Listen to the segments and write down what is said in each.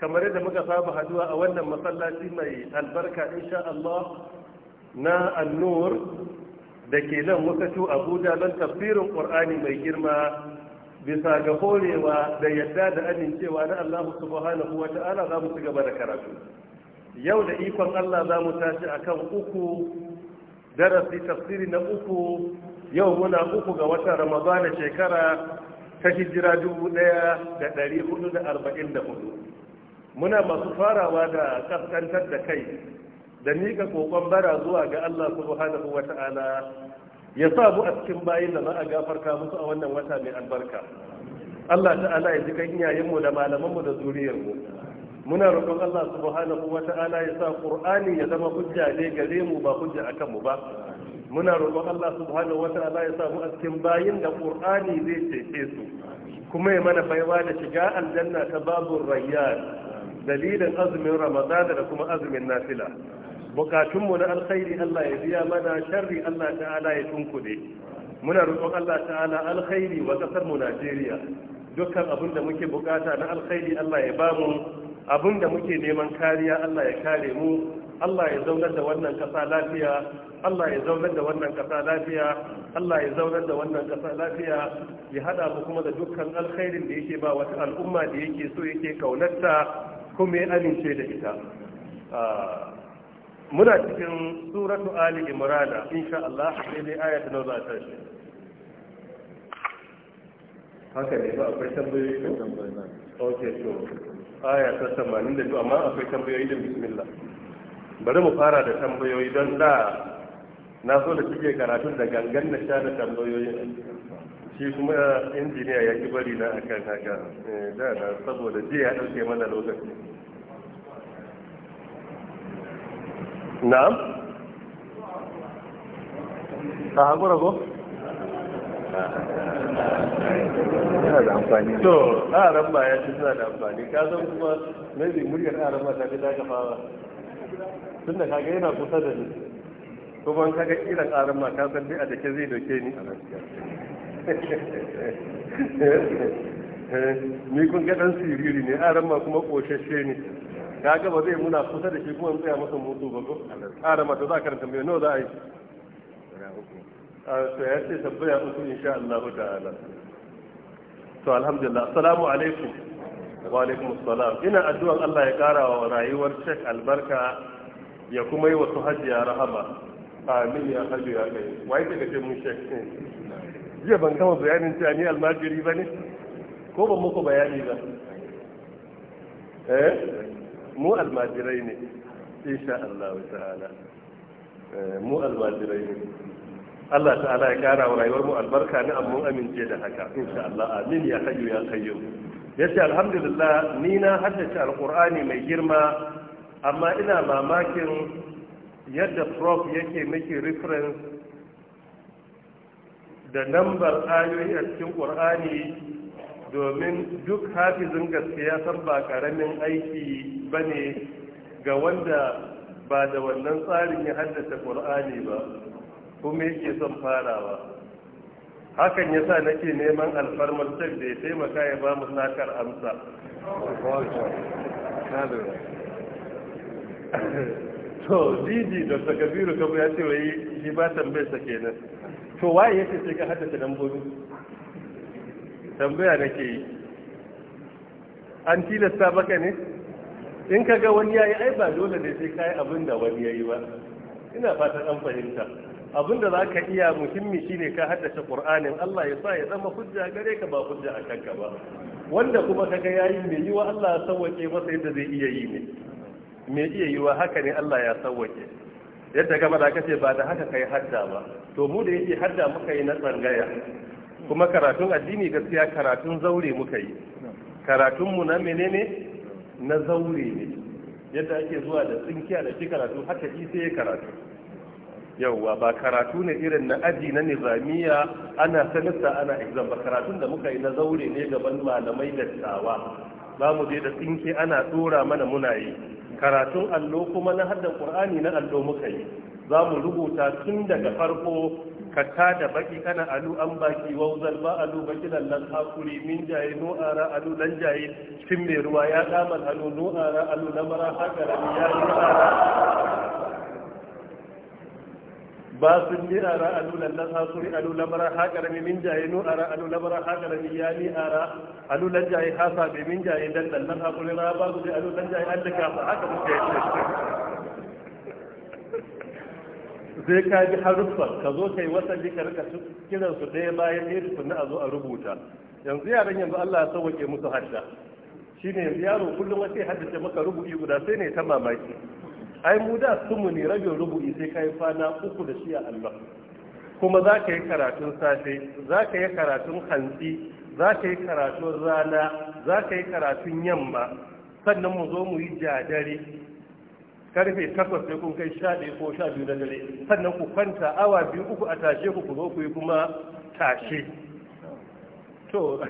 kamar yadda muka saba haduwa a wannan masallaci mai albarka insha Allah na annur da ke nan wakatu abuja don tafsirin ƙur'ani mai girma bisa ga horewa da yadda da amincewa na Allah subhanahu wa ta'ala za mu ci gaba da karatu yau da ikon Allah za mu tashi akan uku darasi tafsiri na uku yau muna uku ga watan ramadana shekara ta hijira dubu ɗaya da ɗari hudu da arba'in da hudu muna masu farawa da kaskantar da kai da mika kokon bara zuwa ga Allah subhanahu wa ya sa mu a cikin bayin da za a gafarta musu a wannan wata mai albarka Allah ta'ala ya ji kan iyayenmu da malamanmu da zuriyarmu muna roƙon Allah subhanahu wa ya sa Qur'ani ya zama hujja ne gare mu ba hujja akan mu ba muna roƙon Allah subhanahu wa ya sa mu a cikin bayin da Qur'ani zai cece su kuma ya mana baiwa da shiga aljanna ta babur rayyan dalilin azumin ramadana da kuma azumin nafila bukatunmu na alkhairi Allah ya biya mana sharri Allah ta'ala ya tunkude muna roƙon Allah ta'ala alkhairi wa ƙasar mu Najeriya dukkan abin da muke bukata na alkhairi Allah ya bamu abin da muke neman kariya Allah ya kare mu Allah ya zaunar da wannan ƙasa lafiya Allah ya zaunar da wannan ƙasa lafiya Allah ya zaunar da wannan ƙasa lafiya ya hada mu kuma da dukkan alkhairin da yake ba wata al'umma da yake so yake kaunarta kuma ya amince da ita ah, muna cikin suratu ali imrana insha Allah sai dai aya na za ta shi haka ne ba akwai tambayoyi ko okay to aya ta da amma akwai tambayoyi da bismillah bari mu fara da tambayoyi don da na so da kike karatun da gangan na sha da tambayoyin shi kuma injiniya ya ki bari na akan haka eh, da na saboda jiya ya ɗauke mana lokaci na'am a hagura go? yana da amfani to aran ba ya ci suna da amfani ka zan kuma maybe muryar aran ba ta fi daga fara tun da kaga yana kusa da ni kuma kaga irin aran ma ka san dai a take zai doke ni a gaskiya ni kun ga dan siriri ne aran ma kuma koshashe ne ga ba zai muna kusa da shi kuma tsaya masa mutu ba ko aran ma to za karanta mai nawa za a yi a to ya ce tabbaya uku insha Allah ta'ala to alhamdulillah assalamu alaikum wa alaikum assalam ina addu'an Allah ya kara wa rayuwar Sheikh albarka ya kuma yi wasu hajjiya rahama amin ya hajjiya kai wai daga ce mun Sheikh jiya ban kama bayanin cewa ni almajiri ba ne ko ban muku bayani ba eh mu almajirai ne insha Allah wa ta'ala eh, mu almajirai ne Allah ta'ala ya kara wa rayuwar mu albarka ni amma amince da haka insha Allah amin ya hayyu ya qayyum yace alhamdulillah ni na haddace alqur'ani mai girma amma ina mamakin yadda prof yake miki reference da nambar ayoyi a cikin ƙur'ani domin duk hafizin gaskiya san ba ƙaramin aiki ba ne ga wanda ba da wannan tsarin ya haddasa ƙur'ani ba kuma yake son farawa hakan ya sa nake neman alfarmar sai da ya taimaka ya ba mu sakar amsa to didi da kabiru kabu ya ce wai shi ba tambayar sa kenan to waye yake sai ka haddace lambobi tambaya nake yi an tilasta baka ne in ka ga wani yayi ai ba dole ne sai kai abin da wani yayi ba ina fatan an fahimta abin da za ka iya muhimmi shine ka haddace qur'anin Allah ya sa ya zama hujja gare ka ba hujja a kanka ba wanda kuma ka ga yayi mai yiwa Allah ya masa yadda zai iya yi ne mai iya yiwa haka ne Allah ya sauwake yadda gaba da kace ba da haka kai hadda ba to mu da yake hadda muka yi na tsangaya kuma karatun addini gaskiya karatun zaure muka yi karatun mu na menene na zaure ne yadda ake zuwa da tsinkiya da shi karatu haka shi sai ya karatu yauwa ba karatu ne irin na aji na nizamiya ana sanista ana exam ba karatun da muka yi na zaure ne gaban malamai dattawa Ba mu je da tsinke ana dora mana muna yi karatun allo kuma na haddan qur'ani na allo muka yi za mu rubuta tun daga farko ka da baki kana alu an baki wauzal ba alu baki lallan hakuri min jaye no ara alu lan jaye cikin mai ruwa ya damar alu no ara alu lamara haka ya yi ara ba sun yi ara a ra'adu lallan hasu ne a lulabar haƙar mimin jaye no a ra'adu lallabar haƙar ara a ra'adu lallan jaye hasa mimin dan don lallan hasu ne ba su ne a lallan jaye an da kafa haka muke yi zai ka bi haruffar ka zo ka yi wata jikar ka kiran su ɗaya bayan ɗaya da sunna a zo a rubuta yanzu yaran yanzu allah ya sauke musu hadda shine yaro kullum wata ya hadda ce maka rubuci guda sai ne ta mamaki ai mu da sumu ne rabin rubu'i sai ka yi kwana uku da shi a Allah kuma za ka yi karatun safe za ka yi karatun hantsi za ka yi karatun rana za ka yi karatun yamma sannan mu zo mu yi jadare karfe takwas sai kun kai sha ɗaya ko sha biyu na dare sannan ku kwanta awa biyu uku a tashe ku ku zo ku yi kuma tashe to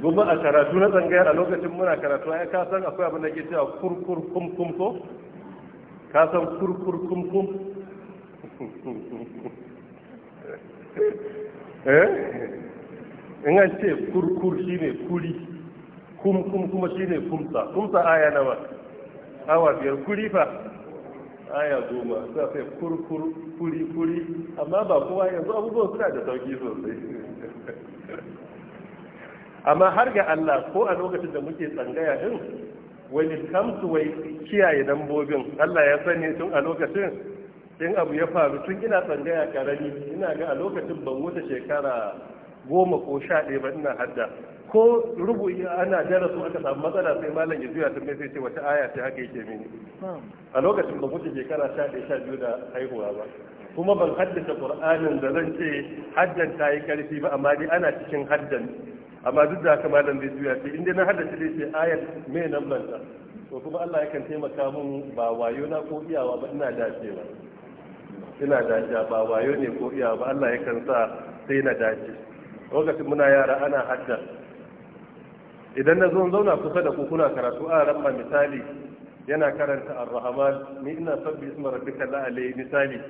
kuma a karatu na tsangaya a lokacin muna karatu a ka san akwai abin da ke cewa kurkur kum kum ko ka san kurkur kum kum eh in an ce kurkur shine kuri kum kum kuma shine kumsa kumsa aya nawa awa biyar kuri fa aya goma za sai kurkur kuri kuri amma ba kowa yanzu abubuwan suna da sauki sosai amma har ga Allah ko a lokacin da muke tsangaya din wani it wai kiyaye dambobin Allah ya sani tun a lokacin in abu ya faru tun ina tsangaya karami ina ga a lokacin ban wuce shekara goma ko sha ɗaya ba ina hadda ko rubu ana darasu aka samu matsala sai malam ya juya tun sai ce wata aya ce haka yake mini a lokacin ban wuce shekara sha ɗaya sha biyu da haihuwa ba kuma ban haddace qur'anin da zan ce haddan ta yi karfi ba amma dai ana cikin haddan amma duk da haka malam bai juya sai inda na haddace dai sai ayat mai nan banta to kuma Allah yakan taimaka mun ba wayo na ko iyawa ba ina dacewa ina dacewa ba wayo ne ko iyawa ba Allah yakan sa sai na dace lokacin muna yara ana hadda idan na zo zauna kusa da ku kuna karatu a ramma misali yana karanta ar-rahman ni ina sabbi isma rabbika la'ali misali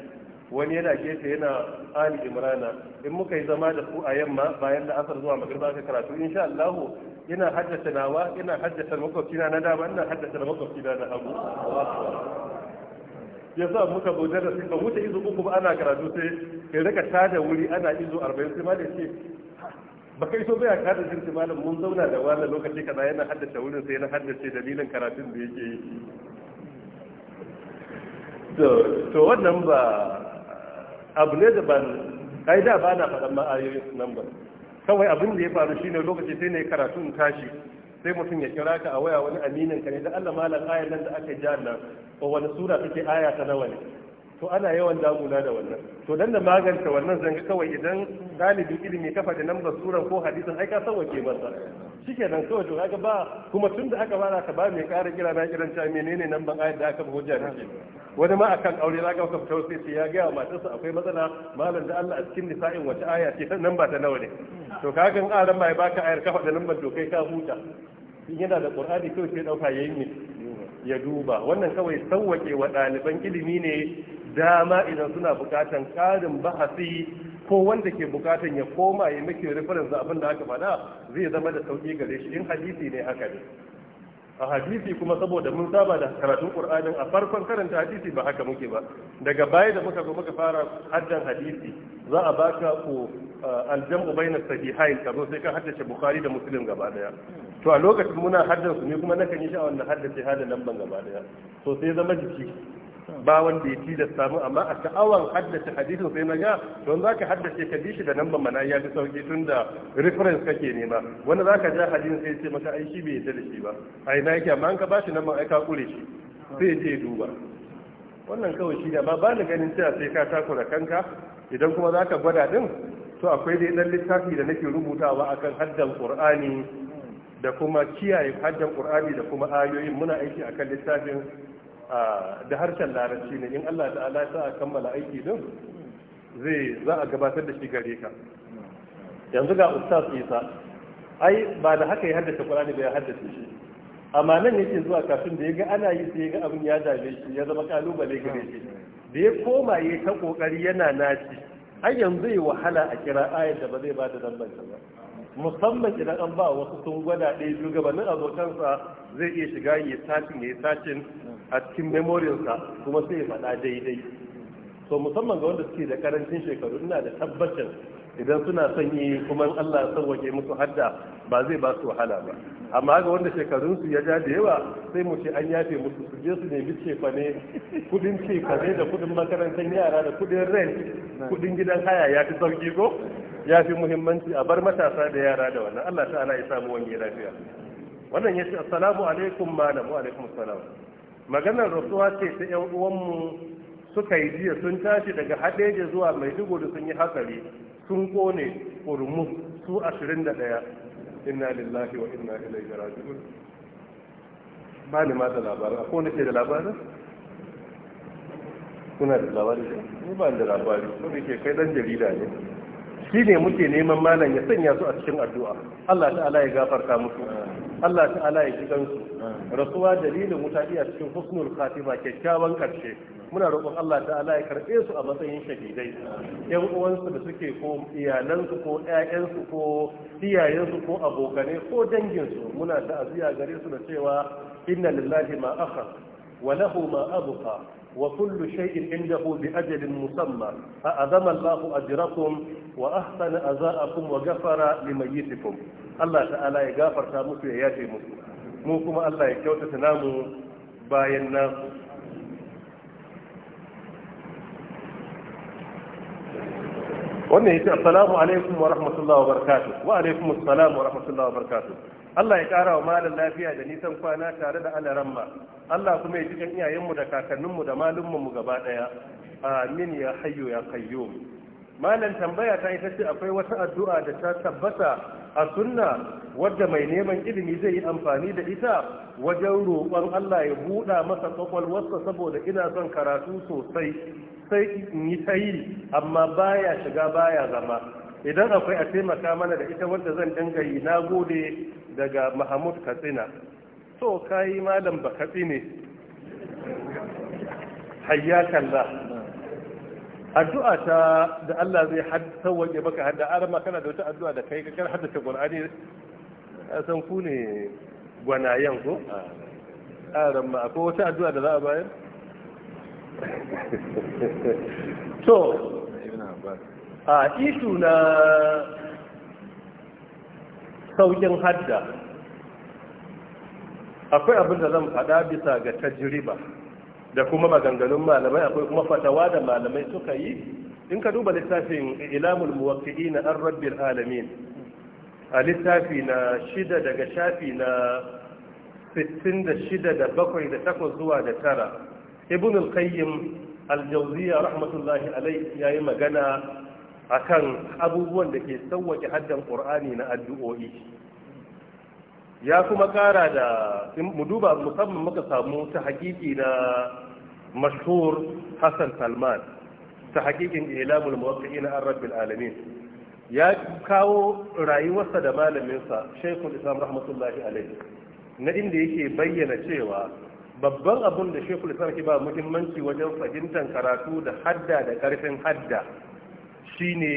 wani yana gefe yana ali imrana in muka yi zama da ku a yamma bayan da asar zuwa magriba ka karatu insha Allah yana haddace nawa ina haddace makwabcina na dama ina haddace na makwabcina na hagu ya sa muka zo da rasu ka wuce izu uku ba ana karatu sai kai rika tada wuri ana izu arba'in sai malam ce ba kai so baya kada jirgi malam mun zauna da wani lokaci kaza yana haddace wurin sai yana haddace dalilin karatun da yake yi to wannan ba abu ne da ba ai da ba na faɗan ma'ayoyin nan ba kawai abin da ya faru shine lokaci sai ne karatu in tashi sai mutum ya kira ka a waya wani aminin ka ne da Allah malam ayar nan da aka jihar nan ko wani sura take aya ta nawa ne to ana yawan damuna da wannan to dan da magance wannan zanga kawai idan galibin ilimi ka faɗi nan ba suran ko hadisin ai ka sauke masa shike nan kawai to kaga ba kuma tun da aka fara ka ba mai ƙarin kira na kiran ta menene nan ban ayat da aka hujja da shi wani ma akan aure za ka fita sai ce ya gaya matarsa akwai matsala malam da Allah a cikin nisa'in wata aya ce ta nan ba ta nawa ne to ka ga aran mai baka ayar ka faɗa nan ban to kai ka huta in yana da qur'ani kawai sai dauka yayin ne ya duba wannan kawai sauwake wa ɗaliban ilimi ne dama idan suna buƙatan ƙarin bahasi ko wanda ke bukatan ya koma ya miki reference da abin da aka faɗa zai zama da sauki gare shi in hadisi ne haka ne a hadisi kuma saboda mun saba da karatun qur'anin a farkon karanta hadisi ba haka muke ba daga baya da muka zo muka fara haddan hadisi za a baka ko aljamu bayna sahihain ka zo sai ka haddace bukhari da muslim gaba daya to a lokacin muna haddan su ne kuma nakan yi sha'awar na haddace hada nan ban gaba daya to sai zama jiki ba wanda ya tilasta samu amma a sha'awar haddace hadisin sai na ga don za ka haddace ka bi shi da nan mana ya fi sauki tun da reference kake nema wanda za ka ja hadisin sai ce maka ai shi bai yadda da shi ba ai na yake amma an ka shi nan man ai ka kure shi sai je duba wannan kawai shi ne amma ba ni ganin cewa sai ka takura kanka idan kuma za ka gwada din to akwai dai dan littafi da nake rubutawa akan haddan qur'ani da kuma kiyaye haddan qur'ani da kuma ayoyin muna aiki akan littafin da harshen larabci ne in Allah ta'ala ta kammala aiki din zai za a gabatar da shi gare ka yanzu ga ustaz isa ai ba da haka ya haddace qur'ani ba ya haddace shi amma nan yake zuwa kafin da ya ga ana yi sai yaga abin ya dame shi ya zama kalubale gare shi da ya koma yayi ta kokari yana naci ai yanzu ya wahala a kira ayat da ba zai ba da ba musamman idan an ba wasu sun gwada ɗaya biyu gabanin abokansa zai iya shiga ya sashin ya a cikin memorinsa kuma sai ya faɗa daidai so musamman ga wanda suke da karancin shekaru ina da tabbacin idan suna son yi kuma Allah ya waje musu hadda ba zai ba su wahala ba amma ga wanda shekarunsu ya ja da yawa sai mu ce an yafe musu su je su nemi cefa ne kudin cefa ne da kudin makarantar yara da kudin rent kudin gidan haya ya fi sauki ko ya fi muhimmanci a bar matasa da yara da wannan Allah ta'ala ya samu wani lafiya wannan ce assalamu alaikum malam wa alaikum assalam maganar rasuwa ce ta yan uwanmu suka yi jiya sun tashi daga hadeja zuwa maiduguri sun yi hatsari sun kone kurmus su ashirin da ɗaya inna lillahi wa inna da raji'un ba ni ma da labarin a kone ke da labarin kuna da labari ne ba da labarin kuma ke kai dan jarida ne shi ne muke neman malam ya sanya su a cikin addu'a Allah ta'ala ya gafarta musu Allah ta'ala ya ji gansu rasuwa dalilin wuta a cikin husnul khatima kyakkyawan karshe muna roƙon Allah ta'ala ya karɓe su a matsayin shahidai yan uwansu da suke ko iyalansu ko ƴaƴansu ko iyayensu ko abokanai ko danginsu muna ta'aziyya gare su da cewa inna lillahi ma akhadha wa lahu ma وكل شيء عنده بأجل مسمى أعظم الله أجركم وأحسن أزاءكم وغفر لميتكم الله تعالى يغفر تامس وياتي مسلم موكم الله يكوت تنامو باين ناس wannan ya yace assalamu alaikum wa rahmatullahi wa barakatuh wa alaikum assalam wa rahmatullahi wa barakatuh Allah ya kara wa malam lafiya da nisan kwana tare da ramma. Allah kuma ya ji kan iyayenmu da kakanninmu da malummanmu gaba daya amin ya hayyu ya qayyum malam tambaya ta ita ce akwai wata addu'a da ta tabbata a sunna wadda mai neman ilimi zai yi amfani da ita wajen roƙon Allah ya buɗa masa kwakwalwarsa saboda ina son karatu sosai sai in yi ta yi amma baya shiga baya zama idan akwai a taimaka mana da ita wanda zan dinga yi na gode daga Mahamud katsina ka yi malam ba ne. hayyakallah addu'a ta da Allah zai haddawage baka hadda har ma kana da wata addu'a da kai kakar haddace Qur'ani san ku ne gwanayen ko a ma akwai wata addu'a da za a bayar to a isu na saukin hadda akwai abin da zan faɗa bisa ga tajriba da kuma maganganun malamai akwai kuma fatawa da malamai suka yi in ka duba littafin ilamul muwaqqi'i na an rabbil alamin a littafi na shida daga shafi na 66 da 7 zuwa da tara. ibn al-qayyim al-jawziya rahmatullahi alayhi yayi magana akan abubuwan da ke sauwake haddan qur'ani na addu'o'i ya kuma kara da mu duba musamman muka samu ta hakiki na mashhur Hassan Salman ta hakikin ilamul muwaqqi'ina ar rabbil alamin ya kawo rayuwarsa da malaminsa shaykhul Islam rahmatullahi alayhi na inda yake bayyana cewa babban abun da shekul ke ba muhimmanci wajen fahimtar karatu da hadda da karfin hadda shine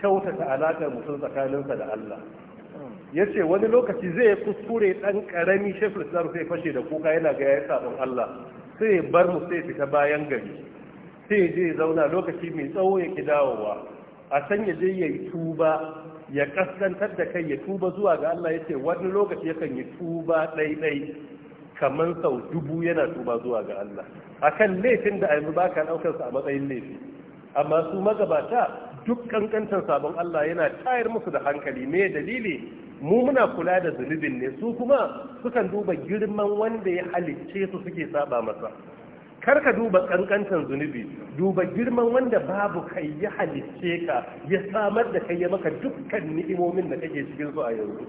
kyautata alaƙar mutum tsakaninsa da Allah ya ce wani lokaci zai kuskure ɗan ƙarami shekul islam sai fashe da kuka yana ga ya sabon Allah sai bar mu sai fita bayan gari sai je zauna lokaci mai tsawo ya ki dawowa a can ya je ya yi tuba ya kaskantar da kai ya tuba zuwa ga Allah ya ce wani lokaci yakan yi tuba ɗaiɗai kamar sau dubu yana tuba zuwa ga Allah a kan laifin da ayyuka ba ka ɗaukarsa a matsayin laifi amma su magabata duk kankantar sabon Allah yana tayar musu da hankali me dalili mu muna kula da zunubin ne su kuma sukan duba girman wanda ya halicce su suke saba masa kar ka duba kankantar zunubi duba girman wanda babu kai ya halicce ka ya samar da kai ya maka dukkan ni'imomin da kake cikin su a yanzu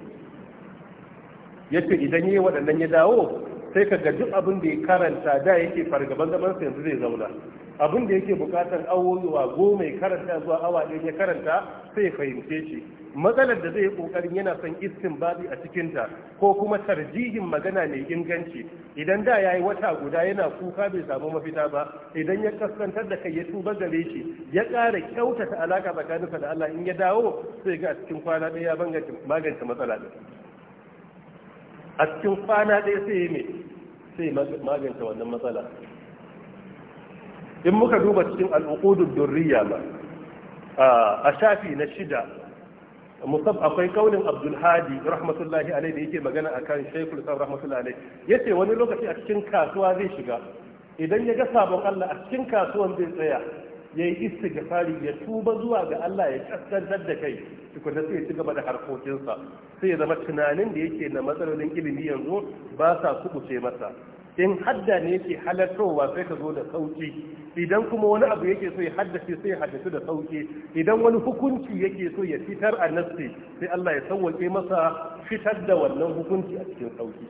yace idan yi waɗannan ya dawo sai ka ga duk abin da ya karanta da yake fargaban zaman yanzu zai zauna abin da yake bukatar awowa goma ya karanta zuwa awa ɗaya ya karanta sai fahimce shi matsalar da zai yi kokarin yana son babi a cikinta ko kuma tarjihin magana mai inganci idan da yayi wata guda yana kuka bai samu mafita ba idan ya kaskantar da kai ya tuba gare shi ya ƙara kyautata alaka tsakaninsa da Allah in ya dawo sai ga cikin kwana ɗaya ya magance matsala ɗin a cikin kwana ɗaya sai ya ne sai magance wannan matsala in muka duba cikin al'uqudud durriya ba a shafi na shida musab akwai kaunin Abdulhadi rahmatullahi alaihi da yake magana a kan shaikul sa rahmatullahi alaihi ce wani lokaci a cikin kasuwa zai shiga idan ya ga sabon Allah a cikin kasuwan zai tsaya ya yi istighfari ya tuba zuwa ga Allah ya kaskantar da kai tukuna sai ya ci gaba da harkokinsa sai ya zama tunanin da yake na matsalolin ilimi yanzu ba sa kubuce masa in hadda ne yake halartowa sai ka zo da sauki idan kuma wani abu yake so ya haddace sai ya haddace da sauki idan wani hukunci yake so ya fitar a nasti sai Allah ya sauwake masa fitar da wannan hukunci a cikin sauki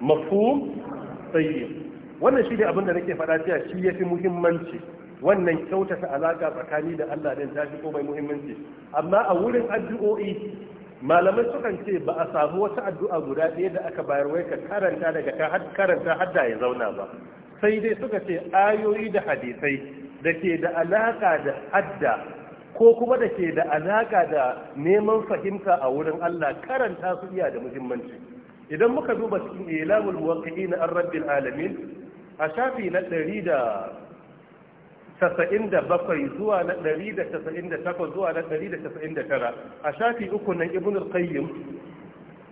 mafhum tayyib wannan shi ne abin da nake faɗa cewa shi yafi muhimmanci wannan kyautata alaka tsakani da Allah din ta fi komai muhimmanci amma a wurin addu'o'i malamai sukan ce ba a samu wata addu'a guda ɗaya da aka bayar wai ka karanta daga ka karanta hadda ya zauna ba sai dai suka ce ayoyi da hadisai da ke da alaka da hadda ko kuma da ke da alaka da neman fahimta a wurin Allah karanta su iya da muhimmanci idan muka duba cikin ilamul muwaqqi'in ar-rabbil alamin a shafi na da. tasa'in da bakwai zuwa na ɗari da tasa'in da takwas zuwa na ɗari da tasa'in da tara a shafi uku na ibn al-qayyim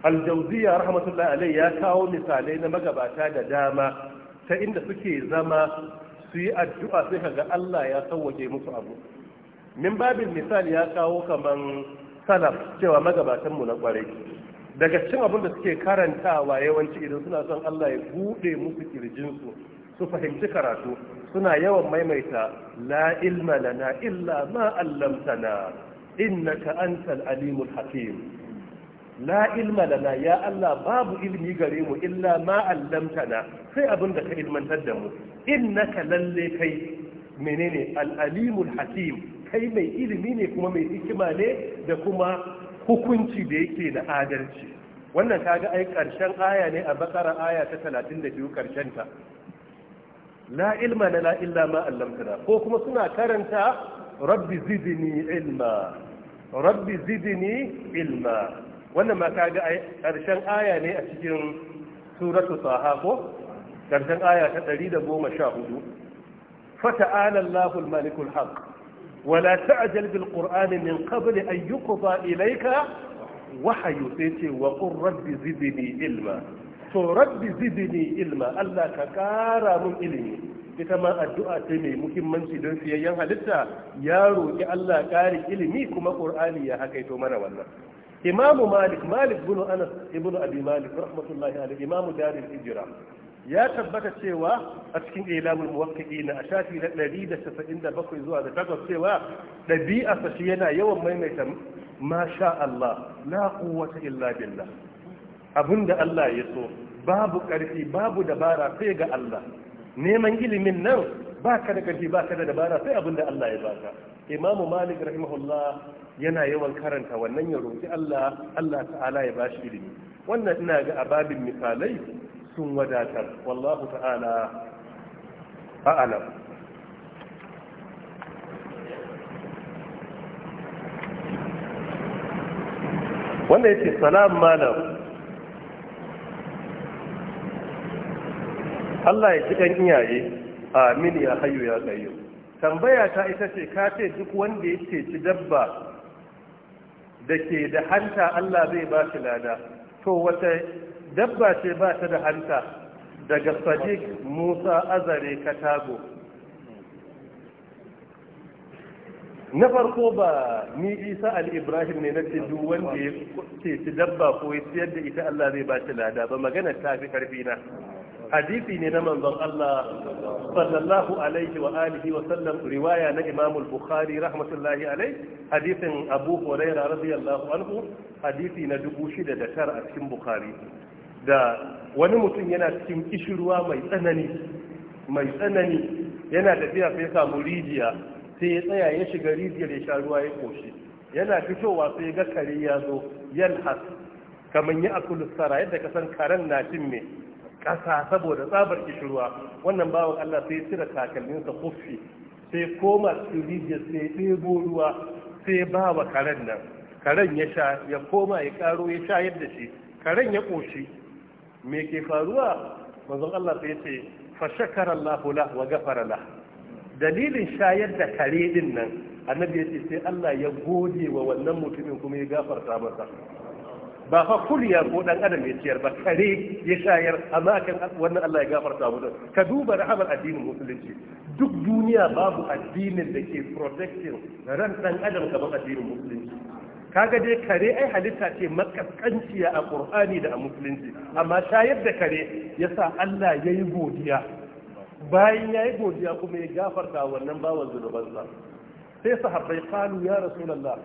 aljauziya rahmatullahi alai ya kawo misalai na magabata da dama ta inda suke zama su yi addu'a sai kaga Allah ya sauwaje musu abu min babin misali ya kawo kaman salaf cewa magabatan mu na kwarai daga cin abin da suke karantawa yawanci idan suna son Allah ya bude musu kirjin su su fahimci karatu suna yawan maimaita la ilma lana illa ma allamtana innaka antal alimul hakim la ilma lana ya Allah babu ilmi gare mu illa ma allamtana sai abin da ka ilmantar da mu innaka lalle kai menene al-alimul hakim kai mai ilimi ne kuma mai hikima ne da kuma hukunci da yake da adalci wannan kaga ai karshen aya ne a bakara aya ta 32 karshen ta la ilma lana illa ma allamtana ko kuma suna karanta rabbi zidni ilma rabbi zidni ilma wannan ma kaga karshen aya ne a cikin suratu saha ko karshen aya ta 114 fata'ala Allahu al-malikul haq wala ta'jal bil qur'ani min qabl an ba ilaika wahyu sai ce wa qur rabbi ilma to rabbi zidni ilma Allah ka kara mun ilimi ita ma addu'a ce mai muhimmanci don siyayyen halitta ya roki Allah ƙarin ilimi kuma Qur'ani ya hakaito mana wannan Imam Malik Malik bin Anas ibn Abi Malik rahmatullahi alaihi Imam Darul Hijra ya tabbata cewa a cikin ilamul muwaqqi'in a shafi na 197 zuwa da takwas cewa dabi'a sa shi yana yawan maimaita masha Allah la quwwata illa billah da Allah ya so babu ƙarfi babu dabara sai ga Allah neman ilimin nan ba ka da ƙarfi ka da dabara sai abinda Allah ya baka Imam Malik rahimahullah yana yawan karanta wannan ya roki Allah Allah ta'ala ya bashi ilimi wannan ina ga ababin misalai sun wadatar wallahu ta'ala a'lam wannan yake salam malam Allah ya ji ɗan iyaye amin ya hayo ya qayyum tambaya ta ita ce ka ce duk wanda ya ci dabba da ke da hanta Allah zai ba shi lada to wata dabba ce ba ta da hanta daga sadiq Musa Azare Katago na farko ba ni isa al-ibrahim ne na duk wanda ya ce ci dabba ko ya siyar da ita Allah zai ba shi lada ba magana ta fi karfi na hadisi ne na manzon Allah sallallahu alaihi wa alihi wa sallam riwaya na Imamul bukhari rahmatullahi alaihi hadisin Abu Hurairah radiyallahu anhu hadisi na dubu shida da tara a cikin Bukhari da wani mutum yana cikin kishirwa mai tsanani mai tsanani yana tafiya sai samu rijiya sai ya tsaya ya shiga rijiyar ya sha ruwa ya koshi yana fitowa sai ga kare ya zo has kamar ya a sara yadda ka san karen na cin me kasa saboda tsabar kishirwa wannan bawan Allah sai cire kakanninsa kofi sai koma rijiyar sai ɗebo ruwa sai ba wa karen nan karen ya sha ya koma ya karo ya sha yadda shi karen ya koshi me ke faruwa manzon Allah sai ya ce fa shakara Allahu la wa ghafara lahu dalilin shayar da kare din nan annabi ya ce sai Allah ya gode wa wannan mutumin kuma ya gafarta masa ba fa kulya ko dan adam ya ciyar ba kare ya shayar amma kan wannan Allah ya gafarta mu ka duba rahamar addinin musulunci duk duniya babu addinin da ke protecting ran dan adam kamar addinin musulunci kaga dai kare ai halitta ce makaskanciya a qur'ani da a musulunci amma shayar da kare yasa Allah yayi godiya bayan ya yi godiya kuma ya gafarta wannan bawan zunubansa sai sahabbai kalu ya rasulallah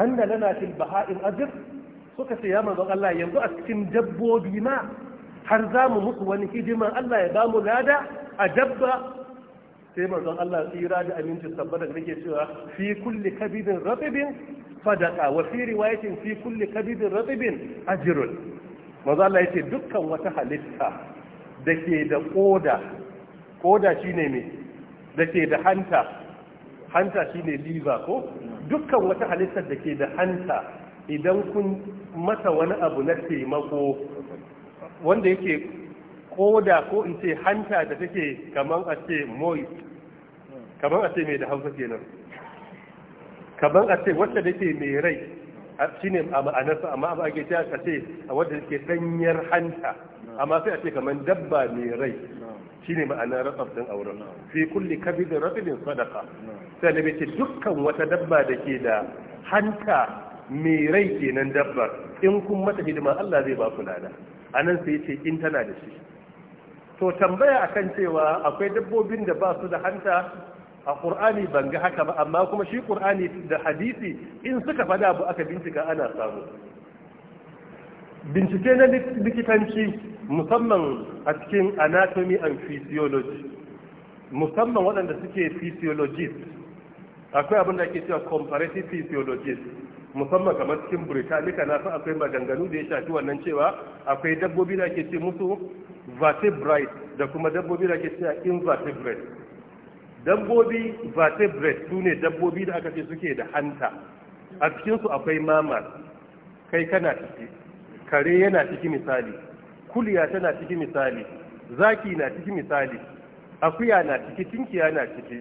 an da lana fil baha'in ajir suka ce ya manzon Allah yanzu a cikin dabbobi ma har za mu musu wani hidiman Allah ya bamu lada a dabba sai manzon Allah tsira da aminci tabbata da nake cewa fi kulli kabidin rabibin sadaqa wa fi riwayatin fi kulli kabidin ratibin ajrun manzon Allah yace dukkan wata halitta da ke da ƙoda ƙoda shi ne mai da ke da hanta hanta shi ne liver ko dukkan wata halittar da ke da hanta idan kun mata wani abu na taimako wanda yake ƙoda ko in ce hanta da take kamar a ce moy kamar a ce mai da hausa kenan kamar a ce wacce da ke mai rai shi ne a ma'anarsa amma a ce a ce a wadda ke sanyar hanta amma sai a ce kamar dabba mai rai shine ma'anar ratsaf din auren fi kulli kabidin ratibin sadaka sai na ce dukkan wata dabba da ke da hanta mai rai kenan dabbar in kun mata hidima Allah zai ba ku lada nan sai ce in tana da shi to tambaya akan cewa akwai dabbobin da ba su da hanta a ƙur'ani ban ga haka ba amma kuma shi ƙur'ani da hadisi in suka fada abu aka bincika ana samu bincike na likitanci musamman a cikin anatomy and physiology musamman waɗanda suke physiologist akwai abin da ke cewa comparative physiologist musamman kamar cikin britannica na san akwai maganganu da ya shafi wannan cewa akwai dabbobi da ke ce musu vertebrate da kuma dabbobi da ke cewa invertebrate dabbobi vertebrate su ne dabbobi da aka ce suke da hanta a cikinsu akwai mamas kai kana ciki kare yana ciki misali kuliya tana ciki misali zaki na ciki misali akuya na ciki tinkiya na ciki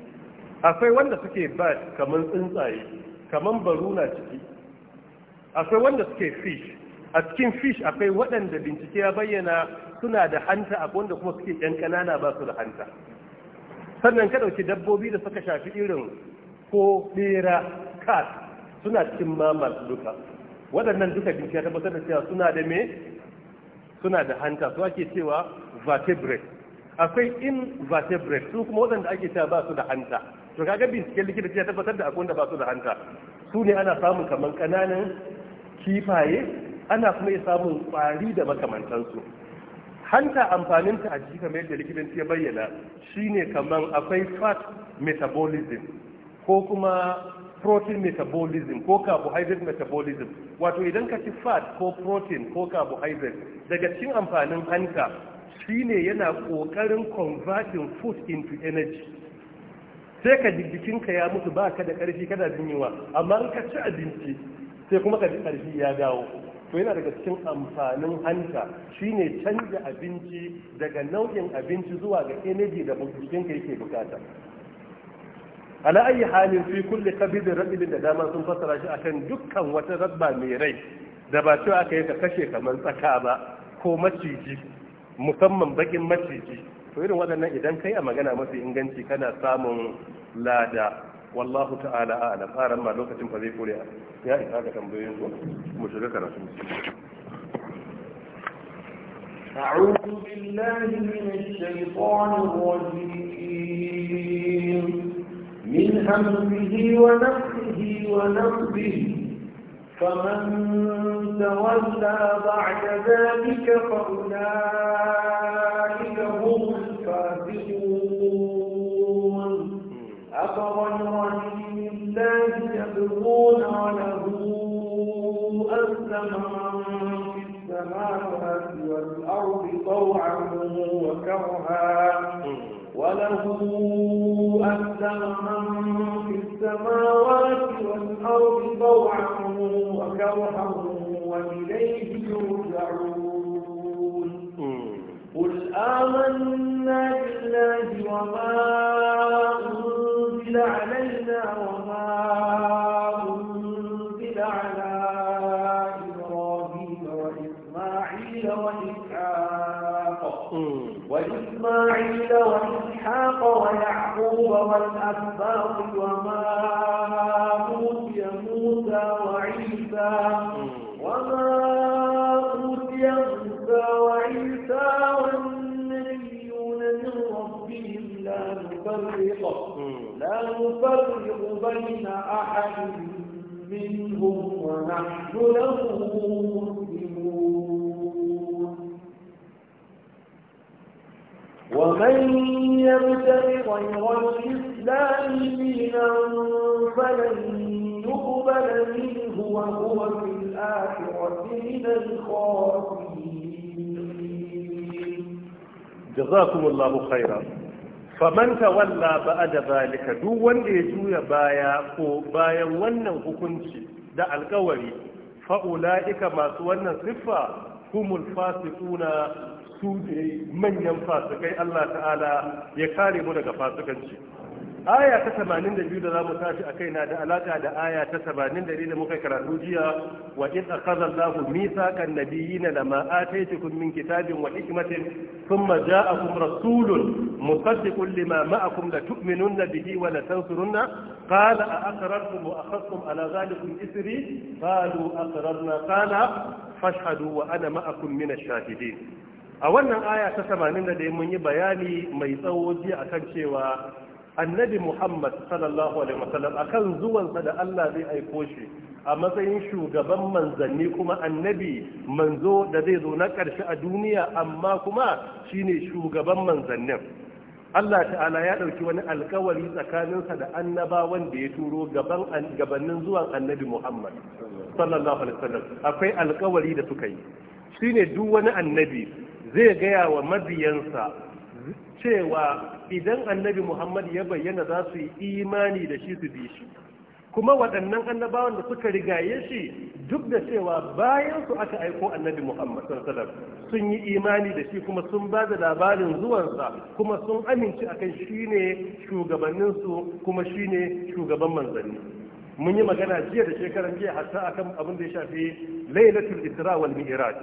akwai wanda suke bat kaman tsuntsaye kaman baru na ciki akwai wanda suke fish a cikin fish akwai waɗanda bincike ya bayyana suna da hanta a wanda kuma suke ƴan ƙanana ba su da hanta sannan ka ɗauki dabbobi da suka shafi irin ko ɓera cat suna cikin mamal duka waɗannan duka bincike ya tabbatar da cewa suna da me suna da hanta su ake cewa vertebrate akwai invertebrate su kuma waɗanda ake cewa ba su da hanta to kaga binciken likita ya tabbatar da akwai wanda ba su da hanta su ne ana samun kaman ƙananan kifaye ana kuma iya samun ƙwari da makamantansu hanta amfaninta a jiki kamar yadda likitanci ya bayyana shine kamar akwai fat metabolism ko kuma protein metabolism ko carbohydrate metabolism wato idan ka ci fat ko protein ko carbohydrate daga cikin amfanin hanta shine yana kokarin converting food into energy sai ka jikinka ya mutu ba ka da karfi kada jin yunwa amma in ka ci abinci sai kuma ka ji ƙarfi ya dawo to yana daga cikin amfanin hanta shine canza abinci daga nau'in abinci zuwa ga energy da jikinka yake bukata ala ayi halin fi kulli qabidin rabin da dama sun fasara shi akan dukkan wata rabba mai rai da ba cewa aka yi ka kashe kamar tsaka ba ko maciji musamman bakin maciji to irin waɗannan idan kai a magana mafi inganci kana samun lada wallahu ta'ala a'lam fara ma lokacin fa zai kore ya isa ga tambayoyin ku mu shiga karatu أعوذ بالله من الشيطان الرجيم من همه ونفسه ونفسه فمن تولى بعد ذلك فأولئك هم الفاسقون أفغير من الله يبغون وله أسلم من في السماوات والأرض طوعا وكرها وله أكثر من في السماوات والأرض طوعا وكرها وإليه يرجعون قل آمنا بالله وما أنزل علينا وما وإسماعيل وإسحاق ويعقوب والأسباط وما أوتي موسى وعيسى وما أوتي موسى وعيسى والنبيون من ربهم لا نفرق لا نفرق بين أحد منهم ونحن له ومن يبتغ غير الإسلام دينا فلن يقبل منه وهو في الآخرة من الخاسرين جزاكم الله خيرا faman tawalla ba'da zalika duk wanda ya juya baya ko bayan wannan hukunci da alkawari fa ulaika masu wannan siffa humul fasiquna su ne manyan fasikai Allah ta'ala ya kare mu daga fasikanci aya ta 82 da zamu tashi akai na da alaka da aya ta 82 da muka karatu jiya wa id akhadha Allahu mithaqan nabiyina lama ataytukum min kitabin wa hikmatin thumma ja'akum rasulun musaddiqun lima ma'akum la tu'minunna bihi wa la tansurunna qala a aqrartum wa akhadhtum ala dhalikum isri qalu aqrarna qala fashhadu wa ana ma'akum min ash-shahidin a wannan aya ta 81 mun yi bayani mai tsawo jiya akan cewa annabi Muhammad sallallahu alaihi wasallam akan zuwansa da Allah zai aiko shi a matsayin shugaban manzanni kuma annabi manzo da zai zo na ƙarshe a duniya amma kuma shine shugaban manzannin Allah ta'ala ya ɗauki wani alkawari tsakaninsa da annabawan da ya turo gabanin zuwan annabi Muhammad sallallahu alaihi wasallam akwai alkawari da suka yi shine duk wani annabi zai gaya wa mabiyansa cewa idan annabi muhammad ya bayyana za su yi imani da shi su bi shi kuma waɗannan annabawan da suka rigaye shi duk da cewa bayan su aka aiko annabi muhammad sallallahu sun yi imani da shi kuma sun ba da labarin zuwansa kuma sun amince akan shi ne shugabanninsu kuma shi ne shugaban manzanni mun yi magana jiya da shekaran jiya hatta akan abin da ya shafi lailatul isra wal mi'raj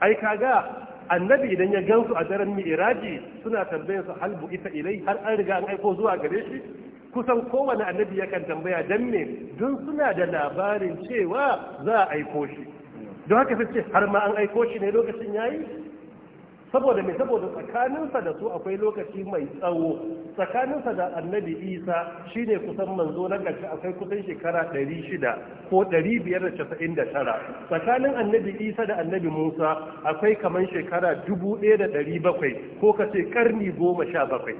ai kaga annabi idan ya gansu a daren mi'iraji suna tambayar su halbu ita ilai har an riga an aiko zuwa gare shi kusan kowane annabi yakan tambaya dan me don suna da labarin cewa za a aiko shi don haka sai har ma an aiko shi ne lokacin yayi saboda mai saboda tsakaninsa da su akwai lokaci mai tsawo tsakaninsa da annabi isa shine kusan manzo na ƙarshe akwai kusan shekara 600 ko 599 tsakanin annabi isa da annabi musa akwai kamar shekara 1700 ko kace karni 17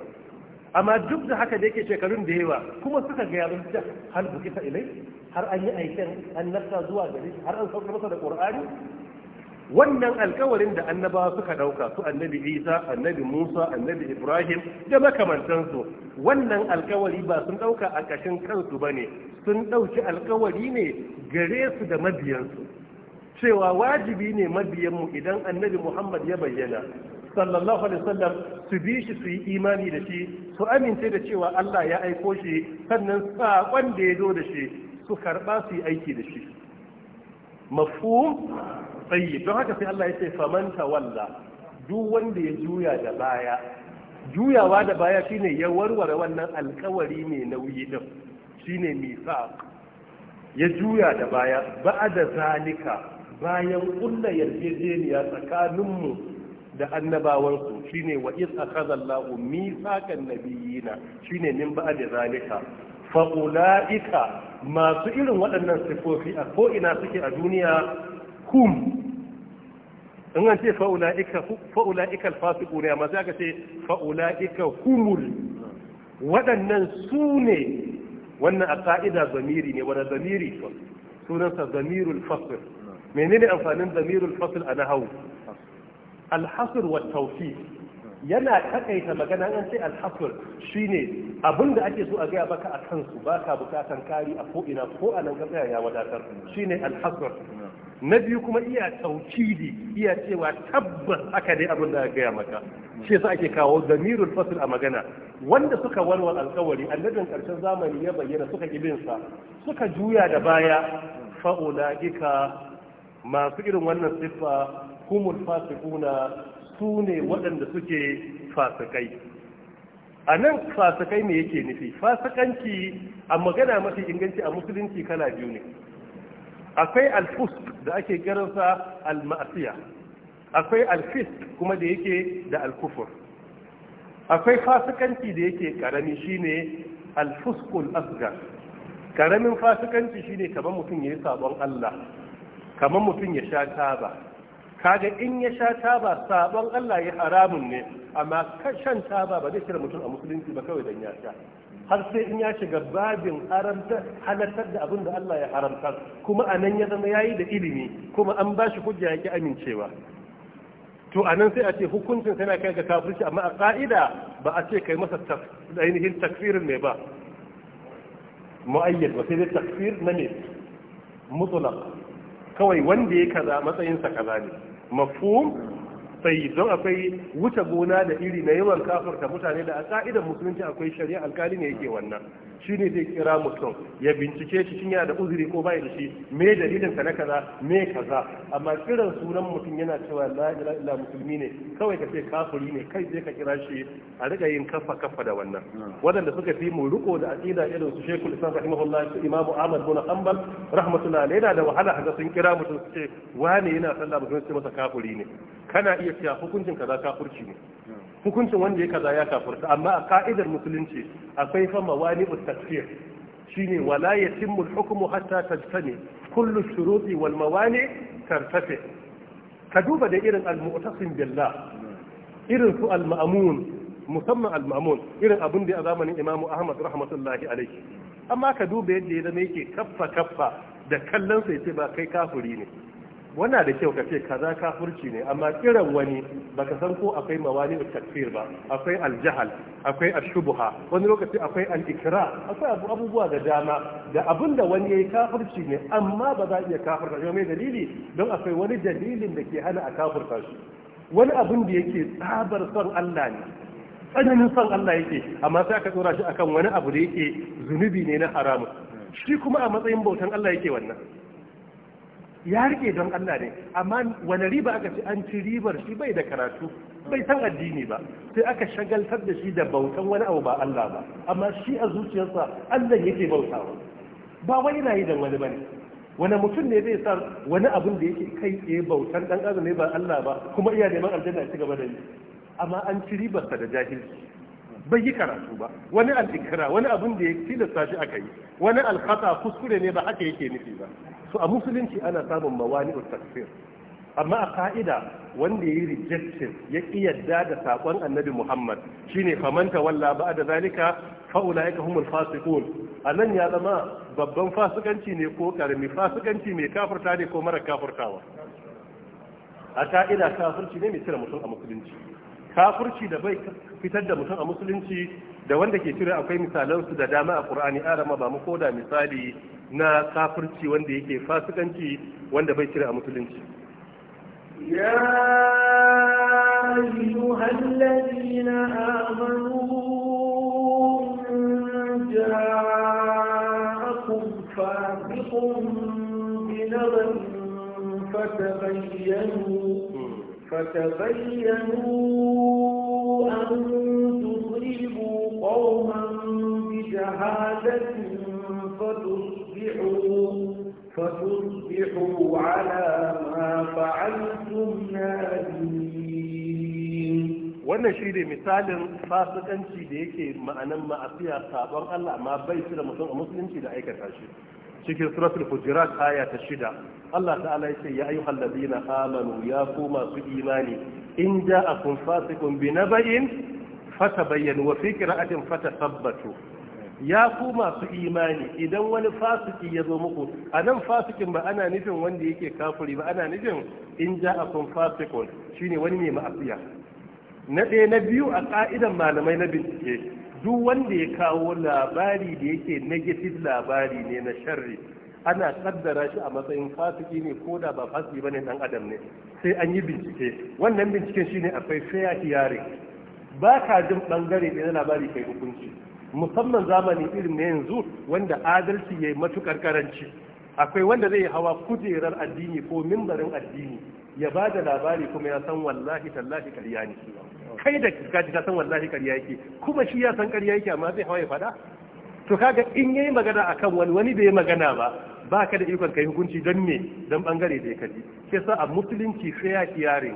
amma duk da haka da yake shekarun da yawa kuma suka ga yaron da har bukita ilai har an yi aikin an nafsa zuwa gari har an sauka masa da qur'ani wannan alkawarin da annabawa suka ɗauka su annabi isa annabi musa annabi ibrahim da makamantansu wannan alkawari ba sun ɗauka a ƙashin kansu ba ne sun ɗauki alkawari ne gare su da mabiyansu cewa wajibi ne mabiyanmu idan annabi muhammad ya bayyana sallallahu alaihi wasallam su bi shi su yi imani da shi su amince da cewa allah ya aiko shi sannan saƙon da ya zo da shi su karɓa su yi aiki da shi mafhum tsayi don haka sai Allah ya ce famanta walla duk wanda ya juya da baya juyawa da baya shine ya warware wannan alkawari mai nauyi din shine misaq ya juya da baya ba'da zalika bayan kulla yarjejeniya mu da annabawansu shine wa iz akhadha Allahu misaqan nabiyina shine min ba'da zalika fa ulaika masu irin waɗannan sifofi a ko ina suke a duniya kum in an ce fa'ula'ika fa'ula'ika alfasiqu ne amma sai aka ce fa'ula'ika humul waɗannan su ne wannan a ka'ida zamiri ne wani zamiri sunansa zamirul fasir menene amfanin zamirul fasir a nahawu alhasr wa tawfiq yana takaita magana an ce alhasr shine abinda ake so a gaya maka a kansu baka bukatan kari a ko ina ko a nan ka ya wadatar shine alhasr na biyu kuma iya taukidi iya cewa tabbas aka dai abin da aka gaya maka shi yasa ake kawo damirul fasl a magana wanda suka walwal alkawari annabin karshen zamani ya bayyana suka sa suka juya da baya fa ulaika masu irin wannan siffa humul fasiquna su ne waɗanda suke fasikai a nan fasikai ne yake nufi fasikanci a magana mafi inganci a musulunci kala biyu ne akwai alfus da ake kiransa almasiya akwai alfis kuma da yake da alkufur akwai fasikanci da yake karami shine alfuskul asgar karamin fasikanci shine kamar mutum ya yi sabon Allah kamar mutum ya sha taba kaga in ya sha taba sabon Allah ya haramun ne amma shan taba ba zai kira mutum a musulunci ba kawai dan ya sha har sai in ya shiga babin halartar da abin da Allah ya haramta kuma a nan ya zama ya yi da ilimi kuma an ba shi hujja ya ki amincewa to a nan sai a ce hukuncin tana kai ga kafirci amma a ƙa'ida ba a ce kai masa ainihin takfirin ne ba mu'ayyad ba sai dai takfir na ne mutlaq kawai wanda ya kaza matsayinsa kaza ne mafhum sai don akwai wuce gona da iri na yawan kafarta mutane da a ka'idan musulunci akwai shari'a alkali ne yake wannan shi ne zai kira mutum ya bincike shi shi yana da uzuri ko bai da shi me dalilin ka na kaza me kaza amma kiran sunan mutum yana cewa la ilaha illa musulmi ne kawai ka ce kafiri ne kai sai ka kira shi a riga yin kafa kafa da wannan wadanda suka fi mu riko da aqida irin su sheku Islam rahimahullah su Imam Ahmad bin Hanbal rahmatullah yana da wahala haka sun kira mutum su ce wane yana sallah mutum sai masa kafiri ne kana iya cewa hukuncin kaza kafirci ne hukuncin wanda ya kaza ya kafurta amma a ka'idar musulunci akwai fa mawani takfir shine wala yatimmu al hatta tajtani kullu ash-shuruti wal mawani tartafi ka duba da irin al-mu'tasim billah irin su al-ma'mun musamman al-ma'mun irin abin da a zamanin Imam Ahmad rahmatullahi alayhi amma ka duba yadda ya zama yake kaffa kaffa da kallon sai ba kai kafuri ne wannan da kyau ka ce kaza kafirci ne amma kiran wani baka san ko akwai mawani da takfir ba akwai aljahal akwai ashubha wani lokaci akwai al'ikira ikra akwai abubuwa da dama da da wani yayi kafirci ne amma ba za iya kafirta shi mai dalili don akwai wani dalilin da ke hana a kafirta shi wani abin da yake tsabar son Allah ne tsananin son Allah yake amma sai aka tsora shi akan wani abu da yake zunubi ne na haramun shi kuma a matsayin bautan Allah yake wannan ya rike don Allah ne amma wani riba aka ci an ci ribar shi bai da karatu bai san addini ba sai aka shagaltar da shi da bautan wani abu ba Allah ba amma shi a zuciyarsa Allah yake bautawa ba wani na yi da wani bane wani mutum ne zai san wani abun da yake kai tsaye bautan dan adam ne ba Allah ba kuma iya neman aljanna ci gaba da ni, amma an ci sa da jahilci bai yi karatu ba wani al'ikira wani abun da ya tilasta shi aka yi wani alkhata kuskure ne ba haka yake nufi ba to a musulunci ana samun mawani'ut takfir amma a ka'ida wanda ya yi rejection ya ƙi da saƙon annabi muhammad shi famanta walla ba da zalika fa'ula ya kahumul fasikun a nan ya zama babban fasikanci ne ko ƙarami fasikanci mai kafurta ne ko mara kafurtawa a ka'ida kafurci ne mai cire mutum a musulunci kafurci da bai fitar da mutum a musulunci da wanda ke cire akwai misalansu da dama a ƙur'ani arama ba mu koda misali na kafirci wanda yake fasikanci wanda bai cire a musulunci ya ayyuhal ladina amanu ja'akum fasiqun binaban fatabayyanu فتبينوا أن تصيبوا قوما بجهالة فتصيبوا فتصبحوا على ما فعلتم نادمين wannan shi ne misalin fasikanci da yake ma'anan ma'asiya sabon Allah amma bai shi da mutum a musulunci da aikata shi cikin suratul hujurat aya ta shida Allah ta'ala ya ce ya ayyuhal ladina amanu ya ku masu imani in ja'akum fasiqun bi naba'in fatabayyanu wa fi qira'atin fatasabbatu ya ku masu imani idan wani fasiki ya zo muku a nan fasikin ba ana nufin wanda yake kafuri ba ana nufin in ja a kun fasikon shine wani ne ma'asiya na ɗaya na biyu a ƙa'idan malamai na bincike duk wanda ya kawo labari da yake negative labari ne na sharri ana kaddara shi a matsayin fasiki ne ko da ba fasiki ne ɗan adam ne sai an yi bincike wannan binciken shine akwai fair hearing ba ka jin ɓangare ɗaya na labari kai hukunci musamman zamani irin na yanzu wanda adalci ya yi matukar karanci akwai wanda zai hawa kujerar addini ko mimbarin addini ya ba da labari kuma ya san wallahi tallahi karya ne kai da kaji ta san wallahi karya yake kuma shi ya san karya yake amma zai hawa ya fada to kaga in yayi magana akan wani wani bai magana ba baka da ikon kai hukunci don me don bangare da ya kaji sai sa a musulunci ya kiyare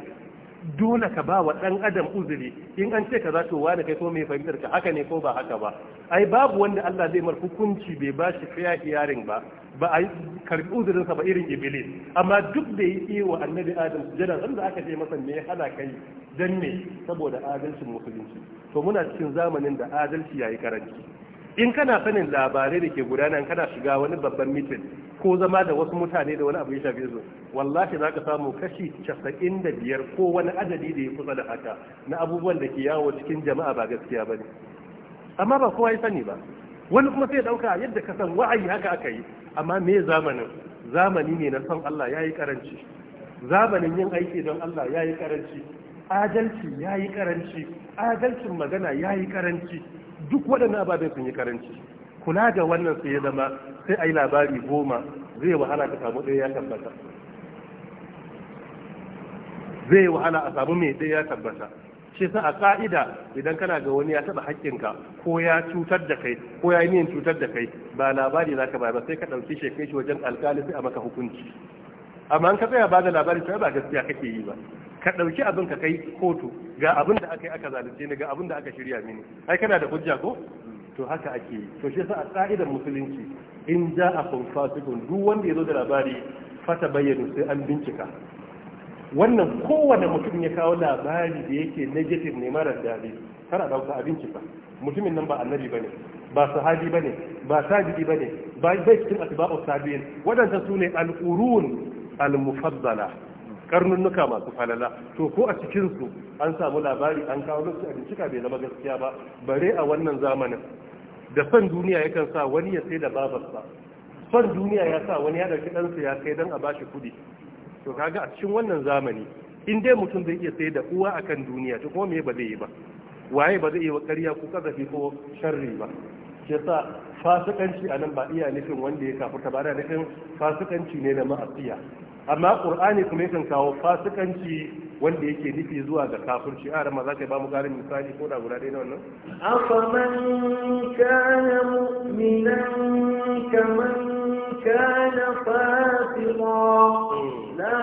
dole ka ba wa ɗan adam uzuri in an ce ka za to wani kai ko mai fahimtar ka haka ne ko ba haka ba ai babu wanda Allah zai mar hukunci bai ba shi fiya hiyarin ba ba a karbi uzurinsa ba irin iblis amma duk da yi wa annabi adam sujada san da aka ce masa me hala kai dan ne saboda adalcin musulunci to muna cikin zamanin da adalci yayi karanci in kana sanin labarai da ke gudana kana shiga wani babban mitin ko zama da wasu mutane da wani abu ya shafe su wallahi za ka samu kashi casa'in da biyar ko wani adadi da ya kusa da haka na abubuwan da ke yawo cikin jama'a ba gaskiya ba ne amma ba kowa ya sani ba wani kuma sai ɗauka yadda ka san wa'ayi haka aka yi amma me zamanin zamani ne na son Allah ya yi karanci zamanin yin aiki don Allah ya yi karanci adalci ya yi karanci adalcin magana ya yi karanci duk waɗannan ababen sun yi karanci kula da wannan sai ya zama sai a yi labari goma zai wahala ka samu ɗaya ya tabbata zai wahala a samu mai ɗaya ya tabbata shi sa a ƙa'ida idan kana ga wani ya taɓa haƙƙinka ko ya cutar da kai ko ya yi niyan cutar da kai ba labari za ka ba sai ka ɗauki shi kai shi wajen alƙali sai a maka hukunci amma an ka tsaya ba da labari sai ba gaskiya kake yi ba ka ɗauki abin ka kai kotu ga abin da aka yi aka zalunce ni ga abin da aka shirya mini ai kana da hujja ko to haka ake yi to shi yasa a ka'idar musulunci in ja a fasikun duk wanda ya zo da labari fata bayyana sai an bincika wannan kowane mutum ya kawo labari da yake negative ne mara daɗi kar a ɗauka a bincika mutumin nan ba annabi ba ne ba sahabi bane ba sajidi bane ba bai cikin atba'u sabiin wadannan su ne al-qurun al-mufaddala karnunnuka masu falala to ko a cikinsu an samu labari an kawo lokaci a bincika bai zama gaskiya ba bare a wannan zamanin da son duniya yakan sa wani ya sai da babarsa son duniya ya sa wani ya ɗauki ɗansa ya kai don a bashi kuɗi to kaga a cikin wannan zamani in dai mutum zai iya sai da uwa akan duniya to kuma me ba zai yi ba waye ba zai yi wa ƙarya ko kazafi ko sharri ba ke sa fasikanci a nan ba iya nufin wanda ya kafuta ba da nufin fasikanci ne na ma'asiya amma qur'ani kuma yakan kawo fasikanci wanda yake nufi zuwa ga kafirci a rama zaka ba mu garin misali ko da guda ɗaya na wannan afaman kana mu'minan kaman kana fasira la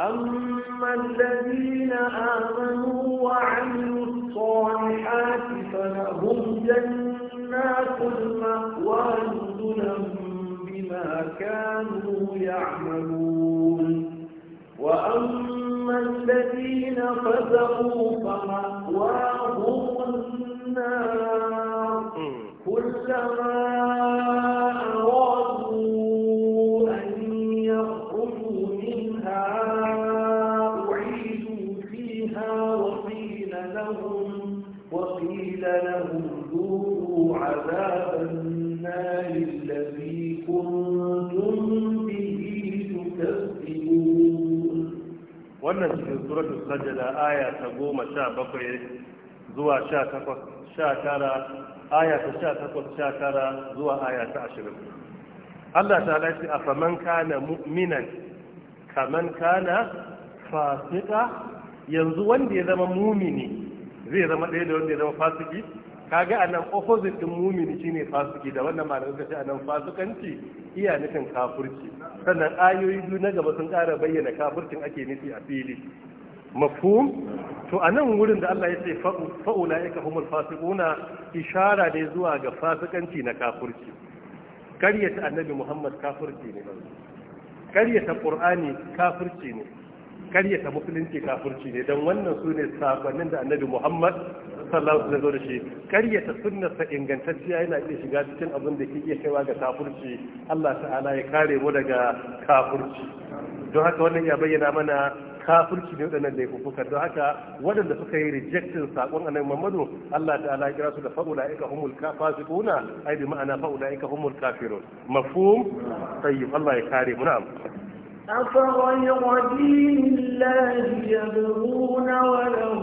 أما الذين آمنوا وعملوا الصالحات فلهم جنات جنات المأوى نزلا بما كانوا يعملون وأما الذين فمأواهم النار wannan cikin suratul sajda aya ta goma sha bakwai zuwa sha takwas sha tara aya ta sha takwas sha tara zuwa aya ta ashirin Allah ta lafi a faman kana mu'minan kaman kana fasika yanzu wanda ya zama mumini zai zama ɗaya da wanda ya zama fasiki kaga anan opposite din mumini shine fasiki da wannan malamin kace anan fasikanci iya nufin kafirci sannan ayoyi biyu na gaba sun ƙara bayyana kafircin ake nufi a fili mafhum to anan wurin da Allah ya ce fa'ulaika humul fasiquna ishara ne zuwa ga fasikanci na kafirci karyata annabi Muhammad kafirci ne karyata qur'ani kafirci ne karyata musulunci kafurci ne dan wannan sune sakonnin da annabi muhammad sallallahu alaihi wasallam shi karyata sunnarsa ingantacciya yana iya shiga cikin abin da ke iya kaiwa ga kafurci Allah ta'ala ya kare mu daga kafurci don haka wannan ya bayyana mana kafirci ne waɗannan laifuka don haka wadanda suka yi rejectin saƙon annabi Muhammadu Allah ta'ala ya kira su da fa'ulaika humul fasiquna ai bi ma'ana fa'ulaika humul kafirun mafhum tayyib Allah ya kare mu na'am أفغير دين الله يبغون وله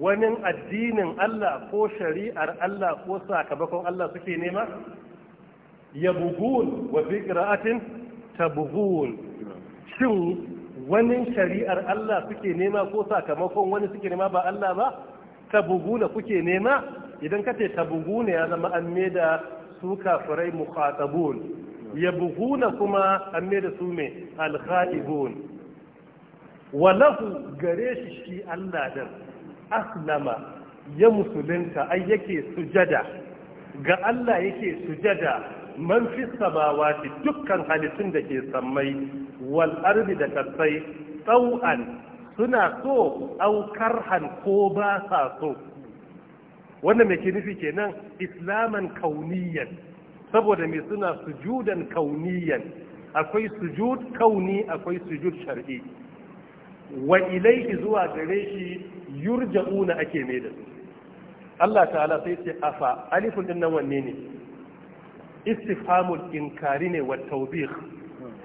wani addinin Allah ko shari'ar Allah ko sakamakon Allah suke nema yabghun wa fi qira'atin tabghun shin wani shari'ar Allah suke nema ko sakamakon wani suke nema ba Allah ba buguna kuke nema idan kace buguna ya zama an da su kafirai muqatabun buguna kuma an da su mai al walahu wa gare shi shi Allah din aslama ya musulunta ai yake sujada ga Allah yake sujada man fi samawati dukkan halittun da ke sammai wal ardi da kasai Tau'an suna so aukar han ko ba sa so wannan mai ke nufi kenan islaman kauniyan saboda mai suna sujudan kauniyan akwai sujud kauni akwai sujud shar'i wa ilaihi zuwa gare shi yurja'una ake mai da su Allah ta'ala sai ce afa alifun din nan wanne ne istifhamul inkari ne wa tawbih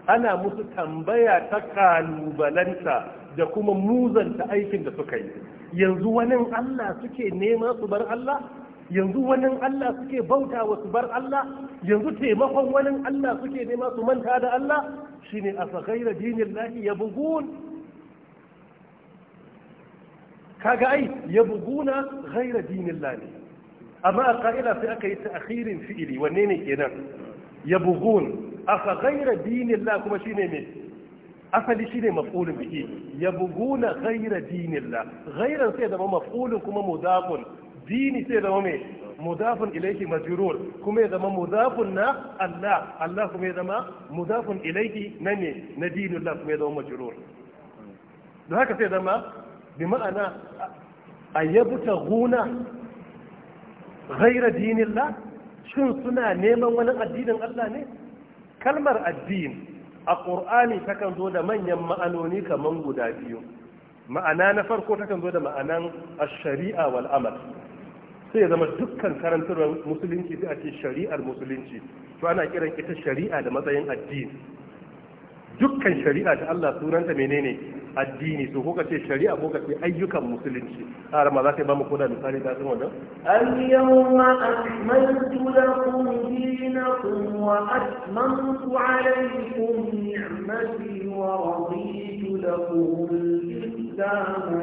ana musu tambaya ta kalubalanta da kuma muzanta aikin da suka yi yanzu wani Allah suke nema su bar Allah yanzu wani Allah suke bauta wa su bar Allah yanzu taimakon wani Allah suke nema su manta da Allah shine afa ghaira dinillahi yabghun kaga ai yabghuna ghayra dinillah ne amma a ka'ida sai aka yi ta'khirin fi'ili wanne ne kenan yabghun afa kuma shine me asali shine maf'ulun bihi yabghuna ghayra dinillah ghayran sai zama maf'ulun kuma mudafun dini sai zama mudafun majrur kuma ya zama mudafun na Allah Allah kuma ya zama mudafun na ne na kuma ya zama majrur don haka sai zama bi ma'ana a yabuta guna ghaira dinillah shin suna neman wani addinin Allah ne kalmar addini a ƙur'ani takan zo da manyan ma'anoni kamar guda biyu ma'ana na farko takan zo da ma'anan shari'a wal sai ya zama dukkan karantarwar musulunci sai a shari'ar musulunci to ana kiran ita shari'a da matsayin addini dukkan shari'a ta Allah sunanta menene addini su kuka ce shari'a ko ce ayyukan musulunci har ma za ka ba mu koda misali da sun wannan al-yawma akmaltu lakum dinakum wa atmamtu alaykum ni'mati wa raditu lakum al-islam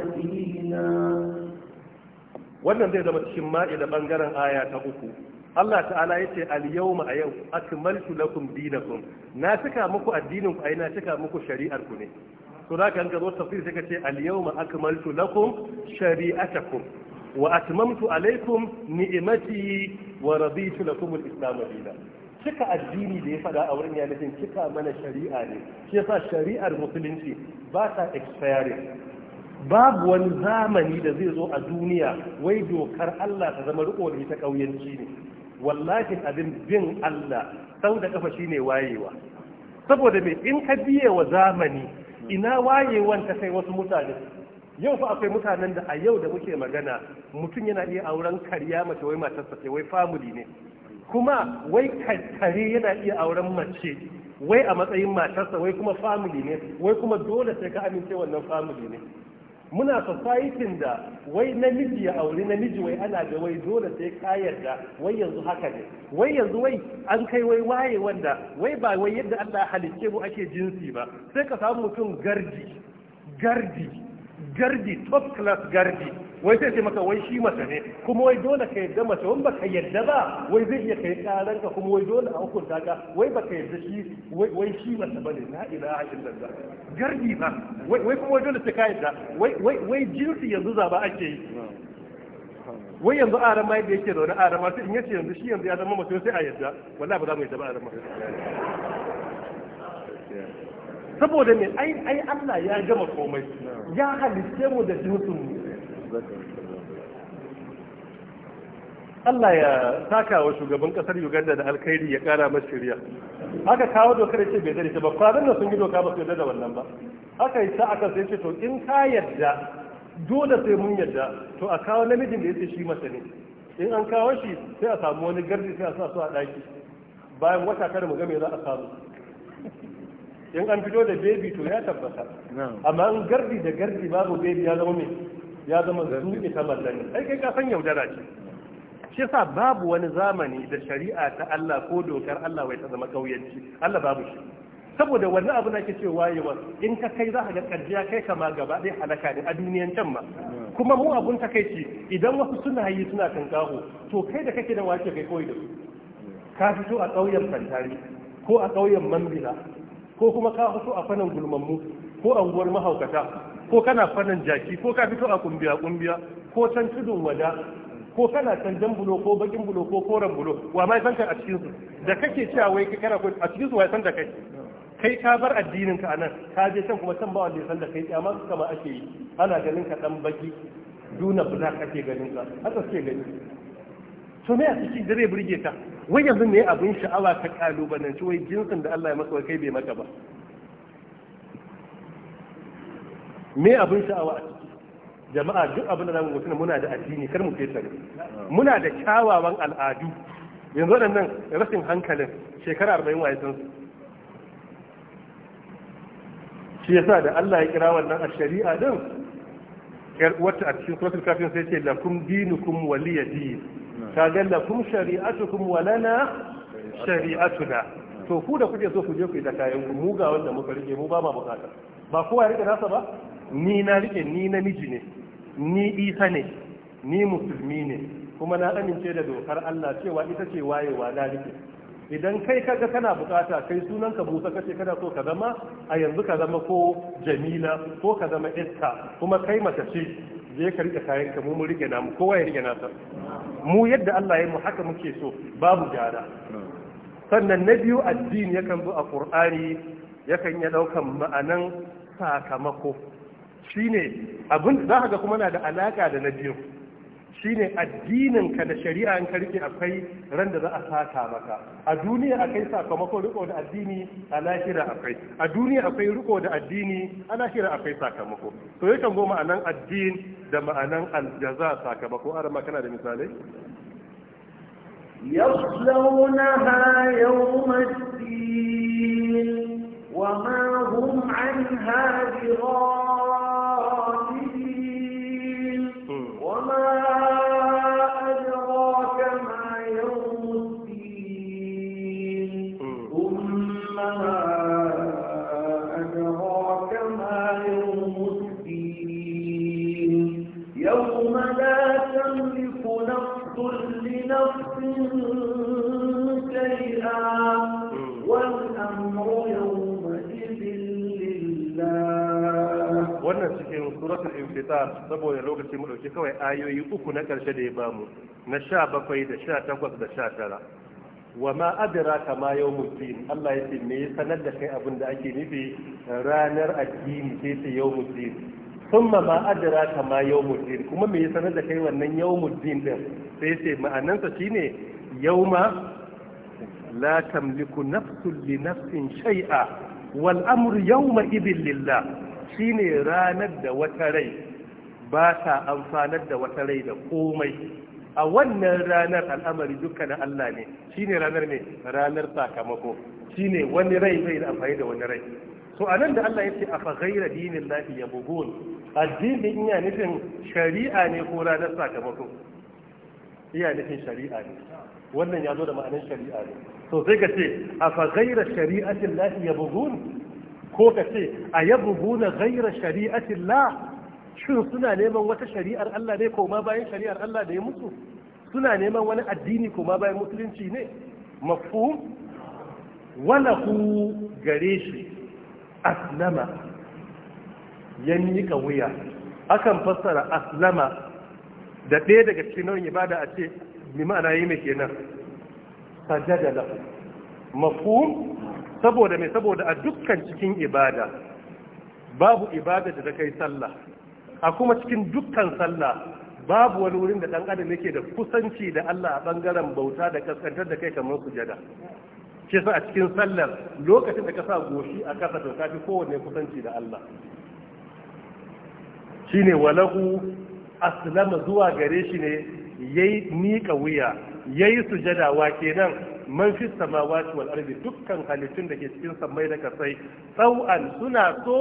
wannan zai zama cikin da bangaren aya ta uku Allah ta'ala ya ce al-yawma a yau akmaltu lakum dinakum na cika muku addinin ku ai na cika muku shari'ar ku ne to za ka zo tafsir sai ka ce al-yawma akmaltu lakum shari'atakum wa atmamtu alaikum ni'imati wa raditu lakum al-islam dinan cika addini da ya fada a wurin yalifin cika mana shari'a ne shi yasa shari'ar musulunci ba ta expiring babu wani zamani da zai zo a duniya wai dokar Allah ta zama riko ta kauyanci ne wallahi abin bin Allah sau da kafa shine wayewa saboda me in ka biye wa zamani ina wayewan ta sai wasu mutane yau fa akwai mutanen da a yau da muke magana mutum yana iya auren karya mace wai matarsa ce wai family ne kuma wai kare yana iya auren mace wai a matsayin matarsa wai kuma family ne wai kuma dole sai ka amince wannan family ne muna societin da wai namiji ya auri namiji wai ana da wai dole sai kayar da wai yanzu haka ne wai yanzu wai an kai wai waye wanda wai ba wai yadda Allah halicce mu ake jinsi ba sai ka samu mutum gardi gardi gardi top class gardi wai sai ce maka wai shi masa ne kuma wai dole ka yadda mace wani baka yadda ba wai zai iya kai karan ka kuma wai dole a hukunta ka wai baka yadda shi wai shi mace bane la ilaha illallah gardi ba wai kuma wai dole sai ka yadda wai jinsi yanzu zaba ake yi wai yanzu a rama yadda yake zaune a rama sai in yace yanzu shi yanzu ya zama mace sai a yadda wala ba za mu yadda ba a rama saboda ne ai ai Allah ya gama komai ya halitte mu da jinsin mu Allah ya taka wa shugaban kasar Uganda da alkhairi ya kara masa shirya haka kawo dokar ce bai zare ta ba kwanan nan sun gido ka ba su yadda da wannan ba haka yi aka sai ce to in ka yadda dole sai mun yadda to a kawo namijin da ya ce shi masa ne in an kawo shi sai a samu wani gardi sai a sa su a daki bayan wata kada mu ga me za a samu in an fito da bebi to ya tabbata amma in gardi da gardi babu bebi ya zama mai ya zama zuke ta mallani ai kai ka san yaudara ce shi yasa babu wani zamani da shari'a ta Allah ko dokar Allah wai ta zama kauyanci Allah babu shi saboda wani abu nake cewa ce in ka kai za ka ga ƙarfiya kai kama gaba ɗaya halaka ne a duniyan can ma kuma mu abun ta takaici idan wasu suna yi suna kankaho to kai da kake da wace kai koyi da su ka fito a ƙauyen fantari ko a ƙauyen mambila ko kuma ka fito a fanan gulmammu ko unguwar mahaukata ko kana fanan jaki ko ka fito a kumbiya kumbiya ko can tudun wada ko kana can jan bulo ko bakin bulo ko koren bulo wa ma san a cikin su da kake cewa wai kai kana ko a cikin su wa san da kai kai ka bar addinin ka anan ka je can kuma can ba wanda ya san da kai amma su kama ake yi ana ganin ka dan baki duna black kake ganin ka haka suke gani to me a cikin dare burge ta wai yanzu ne abin sha'awa ta kalubalanci wai jinsin da Allah ya masa kai bai maka ba me abin sha'awa a ciki jama'a duk abin da zamu mutuna muna da addini kar mu fesa muna da kyawawan al'adu yanzu waɗannan rashin hankalin shekara arba'in waye san su shi yasa da Allah ya kira wannan a shari'a din wata a cikin suratul kafin sai ce lakum dinukum waliya din kaga lakum shari'atukum walana shari'atuna to ku da kuke so ku je ku yi da kayan ku mu ga wanda muka rike mu ba ma bukata ba kowa ya rike nasa ba ni na rike ni namiji ne ni isa ne ni musulmi ne kuma na amince da dokar Allah cewa ita ce wayewa na rike idan kai kaga kana bukata kai sunan ka busa kace kana so ka zama a yanzu ka zama ko jamila ko ka zama iska kuma kai mata ce je ka rike kayan ka mu mu rike namu kowa ya rike nasa mu yadda Allah ya mu haka muke so babu gyara sannan na biyu addini yakan zo a Qur'ani yakan ya daukan ma'anan sakamako shine abin za ka ga kuma na da alaka da na biyu shine addinin ka da shari'a in karfe akwai ran da za a saka maka a duniya akwai sakamakon riko da addini a lahira akwai a duniya akwai riko da addini a lahira akwai sakamako to yakan zo ma'anan addin da ma'anan aljaza sakamako ara kana da misalai yaslawnaha yawma الدين وما هم عنها بغار fitar saboda lokaci mu dauki kawai ayoyi uku na karshe da ya bamu na 17 da 18 da 19 wa ma adraka ma din Allah ya ce me ya sanar da kai abin da ake nufi ranar addini sai ta din thumma ma adraka ma din kuma me ya sanar da kai wannan yawmul din sai ce ma'anansa shine yawma la tamliku nafsun li nafsin shay'a wal amru yawma idin lillah Shi ne ranar da wata rai ba ta amfanar da wata rai da komai a wannan ranar al'amari duka na Allah ne shi ne ranar ne ranar sakamako Shi ne wani rai zai amfani da wani rai to nan da Allah ya ce a yace afa ghayra dinillahi yabghun addini ina nufin shari'a ne ko ranar sakamako iya nufin shari'a ne wannan ya zo da ma'anin shari'a ne So sai ka ce a afa ghayra shari'atin lahi yabghun ko ka ce a yabu buna gaira shari'atin la shin suna neman wata shari'ar Allah ne ko ma bayan shari'ar Allah da ya mutu suna neman wani addini ko ma bayan musulunci ne wala ku gare shi aslama ya miƙa wuya akan fassara aslama da ɗaya daga cikin nau'in ibada a ce bi ma'ana yi mai kenan sajada lahu mafhum saboda mai saboda a dukkan cikin ibada babu ibada da ta kai sallah a kuma cikin dukkan sallah babu wani wurin da dan adam yake da kusanci da Allah a bangaren bauta da kaskantar da kai kamar sujada shi sa a cikin sallar lokacin da ka sa goshi a kasa to kafi kowanne kusanci da Allah shine walahu aslama zuwa gare shi ne yayi nika wuya yayi sujada wa kenan man fi samawati wal ardi dukkan halittun da ke cikin sammai da kasai tsau'an suna so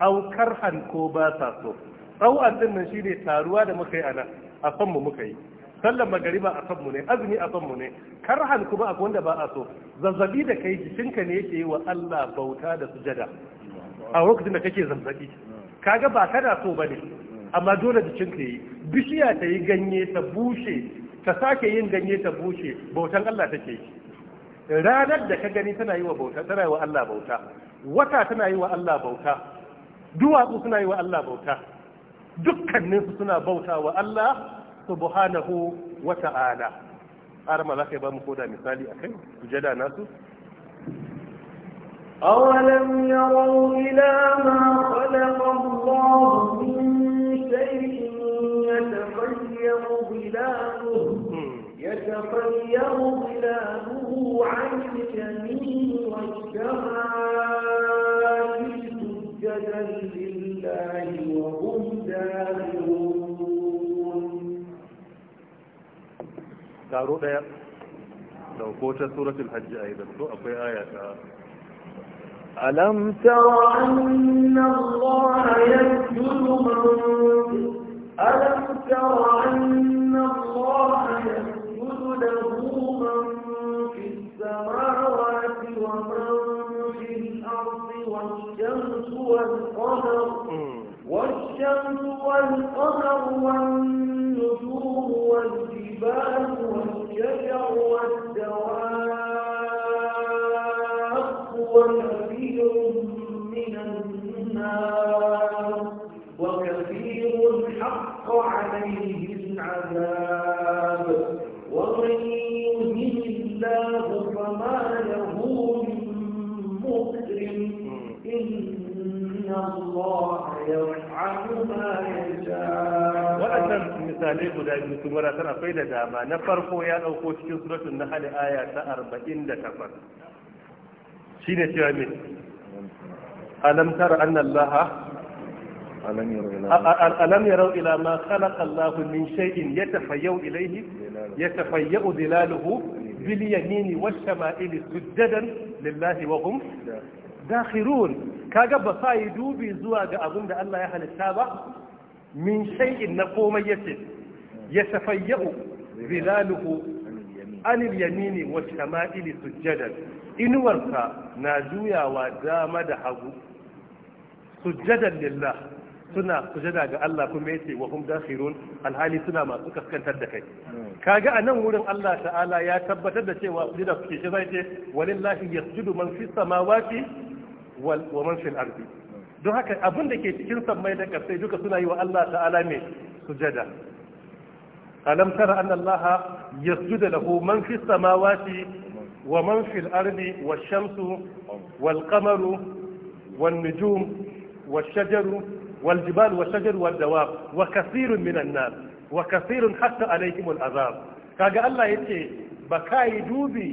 au karhan ko ba sa so tsau'an din nan shine taruwa da muka yi ana a san mu muka yi sallan magariba a san mu ne azumi a san mu ne karhan kuma akwai wanda ba a so zazzabi da kai jikinka ne yake yi wa Allah bauta da sujada a lokacin da kake zazzabi kaga ba kana so bane amma dole jikinka yi bishiya ta yi ganye ta bushe ta sake yin ganye ta bushe bautan Allah take yi ranar da ka gani tana yi wa bauta tana yi wa Allah bauta wata tana yi wa Allah bauta duwatsu suna yi wa Allah bauta dukkaninsu suna bauta wa Allah subhanahu wa ta'ala ma za ka ba mu koda misali a kai sujada nasu أولم يروا إلى ما خلق الله من شيء يتغير يتخير ظلاله يتخير ظلاله عن الجميل والشمال سجدا لله وهم داخلون قالوا ده لو كوتا سورة الحج أيضا أقوي آية ألم تر أن الله يسجد من ألم تر الله يسجد له من في السماوات ومن في الأرض والشمس والقمر والشمس والنجوم والجبال والشجر والدواب misalai guda biyu su wadatar akwai da dama na farko ya ɗauko cikin suratun na hali aya ta arba'in da takwas shi ne cewa mai alam tara an allaha alam yarau ila ma khalaqa allah min shay'in yatafayyau ilayhi yatafayyau dilaluhu bil yamini wash shama'ili sujadan lillahi wa hum dakhirun kaga ba sai dubi zuwa ga abin da Allah ya halitta ba min shay'in na komai yace yatafayyu zilaluhu anil yamini wa shama'ili sujjadan inuwarsa na juyawa dama da hagu sujjadan lillah suna sujada ga Allah kuma yace wa hum dakhirun alhali suna masu kaskantar da kai kaga a nan wurin Allah ta'ala ya tabbatar da cewa sujada suke shi zai ce walillahi yasjudu man fis samawati wa man fil ardi don haka abin da ke cikin sammai da ƙasai duka suna yi wa Allah ta'ala mai sujada alam tara anna Allah yasjuda lahu man fis samawati wa man fil ardi wash shamsu wal qamaru wan nujum wash shajaru wal jibalu wash shajaru wad dawab wa kathirun minan nas wa kathirun hatta alayhim al azab kaga Allah yace ba kai dubi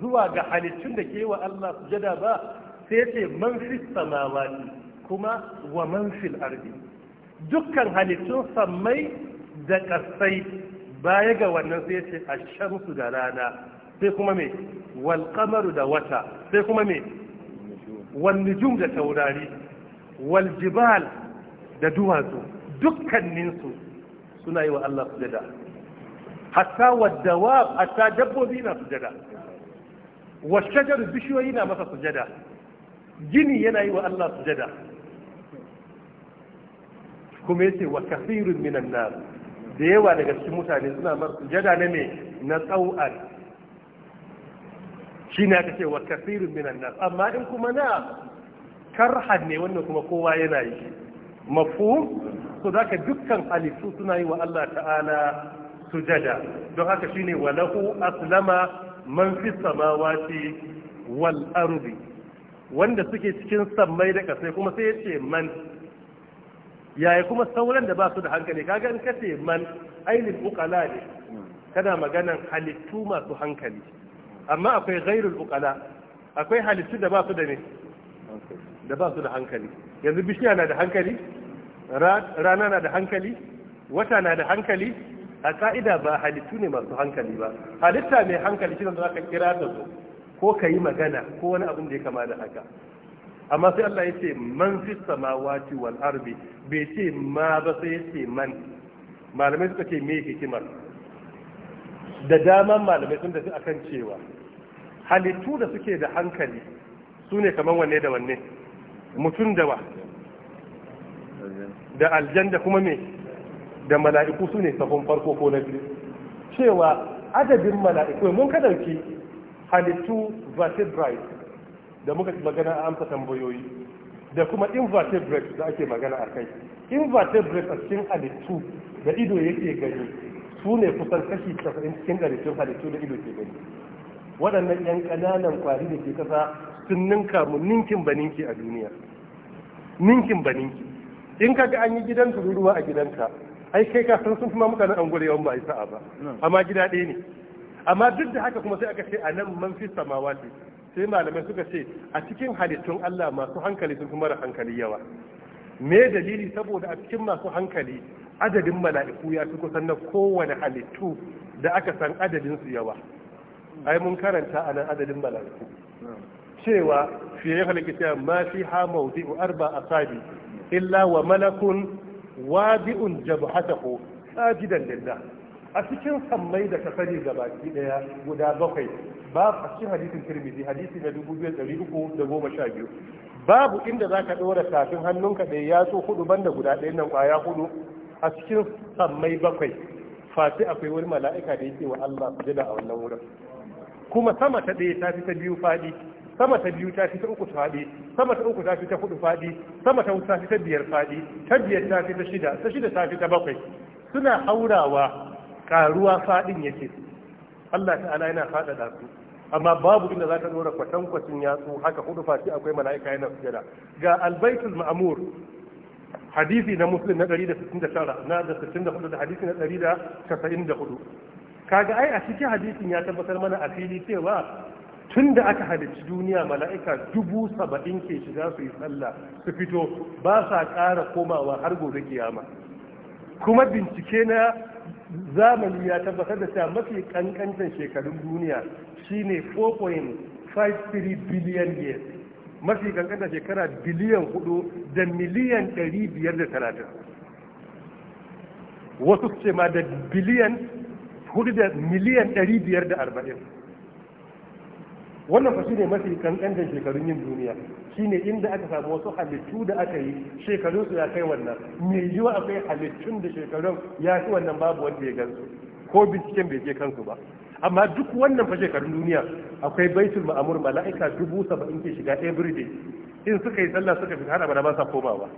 zuwa ga halittun da ke wa Allah sujada ba sai yace man fis samawati kuma wa man fil ardi dukkan halittun sammai da ƙasai baya ga wannan sai ce a shamsu da rana sai kuma me wal qamaru da wata sai kuma me wal nujum da taurari wal jibal da duwatsu dukkaninsu suna yi wa Allah sujada hatta waddawa hatta dabbobi na sujada washajar bishiyoyi na masa sujada gini yana yi wa Allah sujada kuma yace wa kathirun minan nas da yawa daga cikin mutane suna marasa jada na me na Shi shine aka ce wa kathirun minan nas amma in kuma na karhan ne wannan kuma kowa yana yi mafhum za zaka dukkan halittu suna yi wa Allah ta'ala su jada. don haka shi ne walahu aslama man fi samawati wal ardi wanda suke cikin sammai da kasai kuma sai yace man yaya kuma sauran da ba su da hankali kaga in kace man ainihin uqala ne kana maganan halittu masu hankali amma akwai ghairul uqala akwai halittu da ba su da ne da ba su da hankali yanzu bishiya na da hankali rana na da hankali wata na da hankali a ka'ida ba halittu ne masu hankali ba halitta mai hankali shi ne za ka kira ta zo ko ka yi magana ko wani abin da ya kama da haka amma sai Allah ya ce man fi samawati wal ardi bai ce ma ba sai ya ce man malamai suka ce me hikimar da daman malamai sun tafi akan cewa halittu da suke da hankali su ne kamar wanne da wanne mutum da wa da aljan da kuma me da mala'iku su ne sahun farko ko na biyu cewa adadin mala'iku mun kadauki halittu vertebrate da muka magana a amsa tambayoyi da kuma invertebrate da ake magana a kai invertebrate a cikin halittu da ido yake gani su ne kusan kashi 90 cikin halittun halittu da ido ke gani waɗannan 'yan ƙananan kwari da ke ƙasa sun ninka mu ninkin baninki a duniya ninkin baninki in ka ga an yi gidan tururuwa a gidanka ai kai ka san sun fi mutanen angore yawan ba sa'a ba hmm. amma gida ɗaya ne amma duk da haka kuma sai aka ce a nan man fi samawati sai malamai suka ce a cikin halittun Allah masu hankali sun fi mara hankali yawa me dalili saboda a cikin masu hankali adadin mala'iku ya fi kusan na kowane halittu da aka san adadin su yawa ai mun karanta a nan adadin mala'iku cewa fiye ya cewa ma fi ha mawdi'u arba asabi illa wa malakun wadi'un jabhatahu sajidan lillah a cikin sammai da kasari gabaki daya guda bakwai babu a cikin hadisin tirmidhi hadisi na dubu biyu ɗari uku da sha biyu babu inda za ka ɗora tafin hannunka ɗaya ya so hudu banda guda ɗayan nan ƙwaya hudu a cikin sammai bakwai fati akwai wani mala'ika da yake wa Allah sujada a wannan wurin kuma sama ta ɗaya ta fi ta biyu faɗi sama ta biyu ta fi ta uku faɗi sama ta uku ta fi ta hudu faɗi sama ta ta fi ta biyar faɗi ta biyar ta fi ta shida ta shida ta fi ta bakwai suna haurawa karuwa faɗin yake Allah ta'ala yana faɗaɗa su amma babu inda ka dora kwatankwacin yatsu haka hudu fashi akwai mala'ika yana sujada ga albaitul ma'mur hadisi na muslim na 169 na da 64 da hadisi na 194 kaga ai a cikin hadisin ya tabbatar mana a fili cewa tun da aka halicci duniya mala'ika dubu saba'in ke shiga su yi sallah su fito ba sa ƙara komawa har gobe kiyama kuma bincike na zamani ya tabbatar da cewa mafi kankantan shekarun duniya shine 4.53 billion years mafi kankanta shekara biliyan 4 da miliyan 530 wasu su ce ma da biliyan 4 da miliyan 540 wannan fa shine mafi kankantar shekarun yin duniya shine inda aka samu wasu halittu da aka yi shekarun su ya kai wannan mai yiwa akwai halittun da shekarun ya fi wannan babu wanda ya gansu ko binciken bai je kansu ba amma duk wannan fa shekarun duniya akwai baitul ma'amur mala'ika dubu saba'in ke shiga everyday in suka yi sallah suka fi hana bana ba sa komawa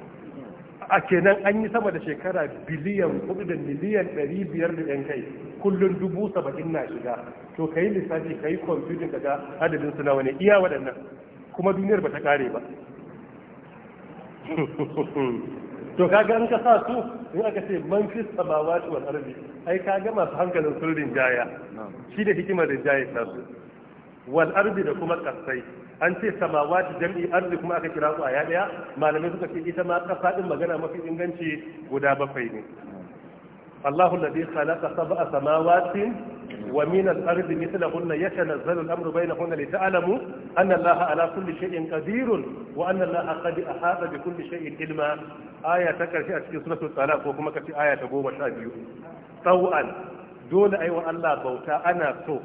a kenan an yi sama da shekara biliyan kudu da miliyan ɗari biyar da yan kai kullum dubu saba'in na shiga to ka yi lissafi ka yi kwamfutin ka ga adadin suna wani iya waɗannan kuma duniyar ba ta ƙare ba to kaga an ka sa su in aka ce man fi samawati wal ardi ai kaga masu hankalin sun rinjaya shi da hikimar rinjaye ta su wal ardi da kuma kasai an ce samawati jami'i, ardi kuma aka kira su a yaya malamai suka ce ita ma kasa din magana mafi inganci guda bakwai ne Allahu alladhi khalaqa sab'a samawati ومن الأرض مثلهن يتنزل الأمر بينهن لتعلموا أن الله على كل شيء قدير وأن الله قد أحاط بكل شيء علما آية تكرشي أشكي سورة الطلاق وكما كتي آية تقوم شابيو طوعا دول أيوة الله بوتا أنا سو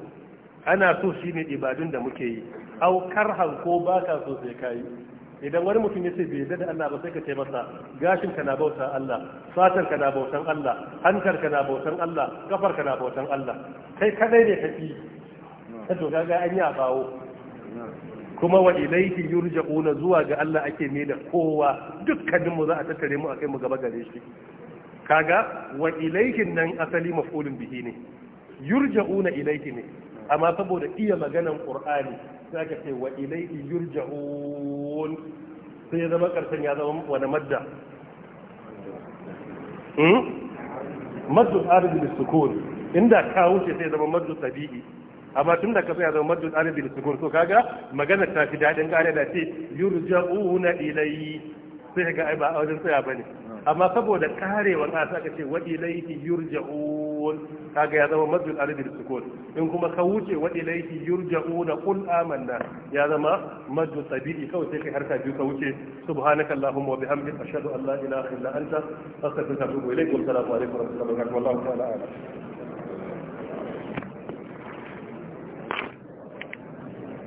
أنا سو شيني إبادون دمكي أو كرها كوباكا سو سيكاي idan wani mutum ya ce bai yarda da Allah ba sai ka ce masa gashin ka na bauta Allah fatar ka na bautan Allah hankar ka na bautan Allah kafar ka na bautan Allah kai kadai ne kafi ka to ga an ya bawo kuma wa ilayhi yurja'una zuwa ga Allah ake ne da kowa dukkanin mu za a tattare mu a kai mu gaba gare shi kaga wa ilayhi nan asali maf'ulun bihi ne yurja'una ilayhi ne amma saboda iya maganan qur'ani sai aka ce wa ilaihi yurja'un sai ya zama karshen ya zama wani madda hmm? maddu arabi da sukun inda ka wuce sai ya zama maddu tabi'i amma tun da ka ya zama maddu arabi da sukun so kaga magana ta fi daɗin gane da ce yurja'una ilayhi sai ga ai ba a wajen tsaya bane amma saboda karewar a aka ce wa ilaihi yurja'un kaga ya zama madul arbil sukun in kuma ka wuce wa ilaihi yurja'una qul amanna ya zama madul tabi'i kawai sai kai harka biyu ka wuce subhanaka allahumma wa bihamdika ashhadu an la ilaha illa anta astaghfiruka wa atubu ilaik wa assalamu alaikum wa rahmatullahi wa barakatuh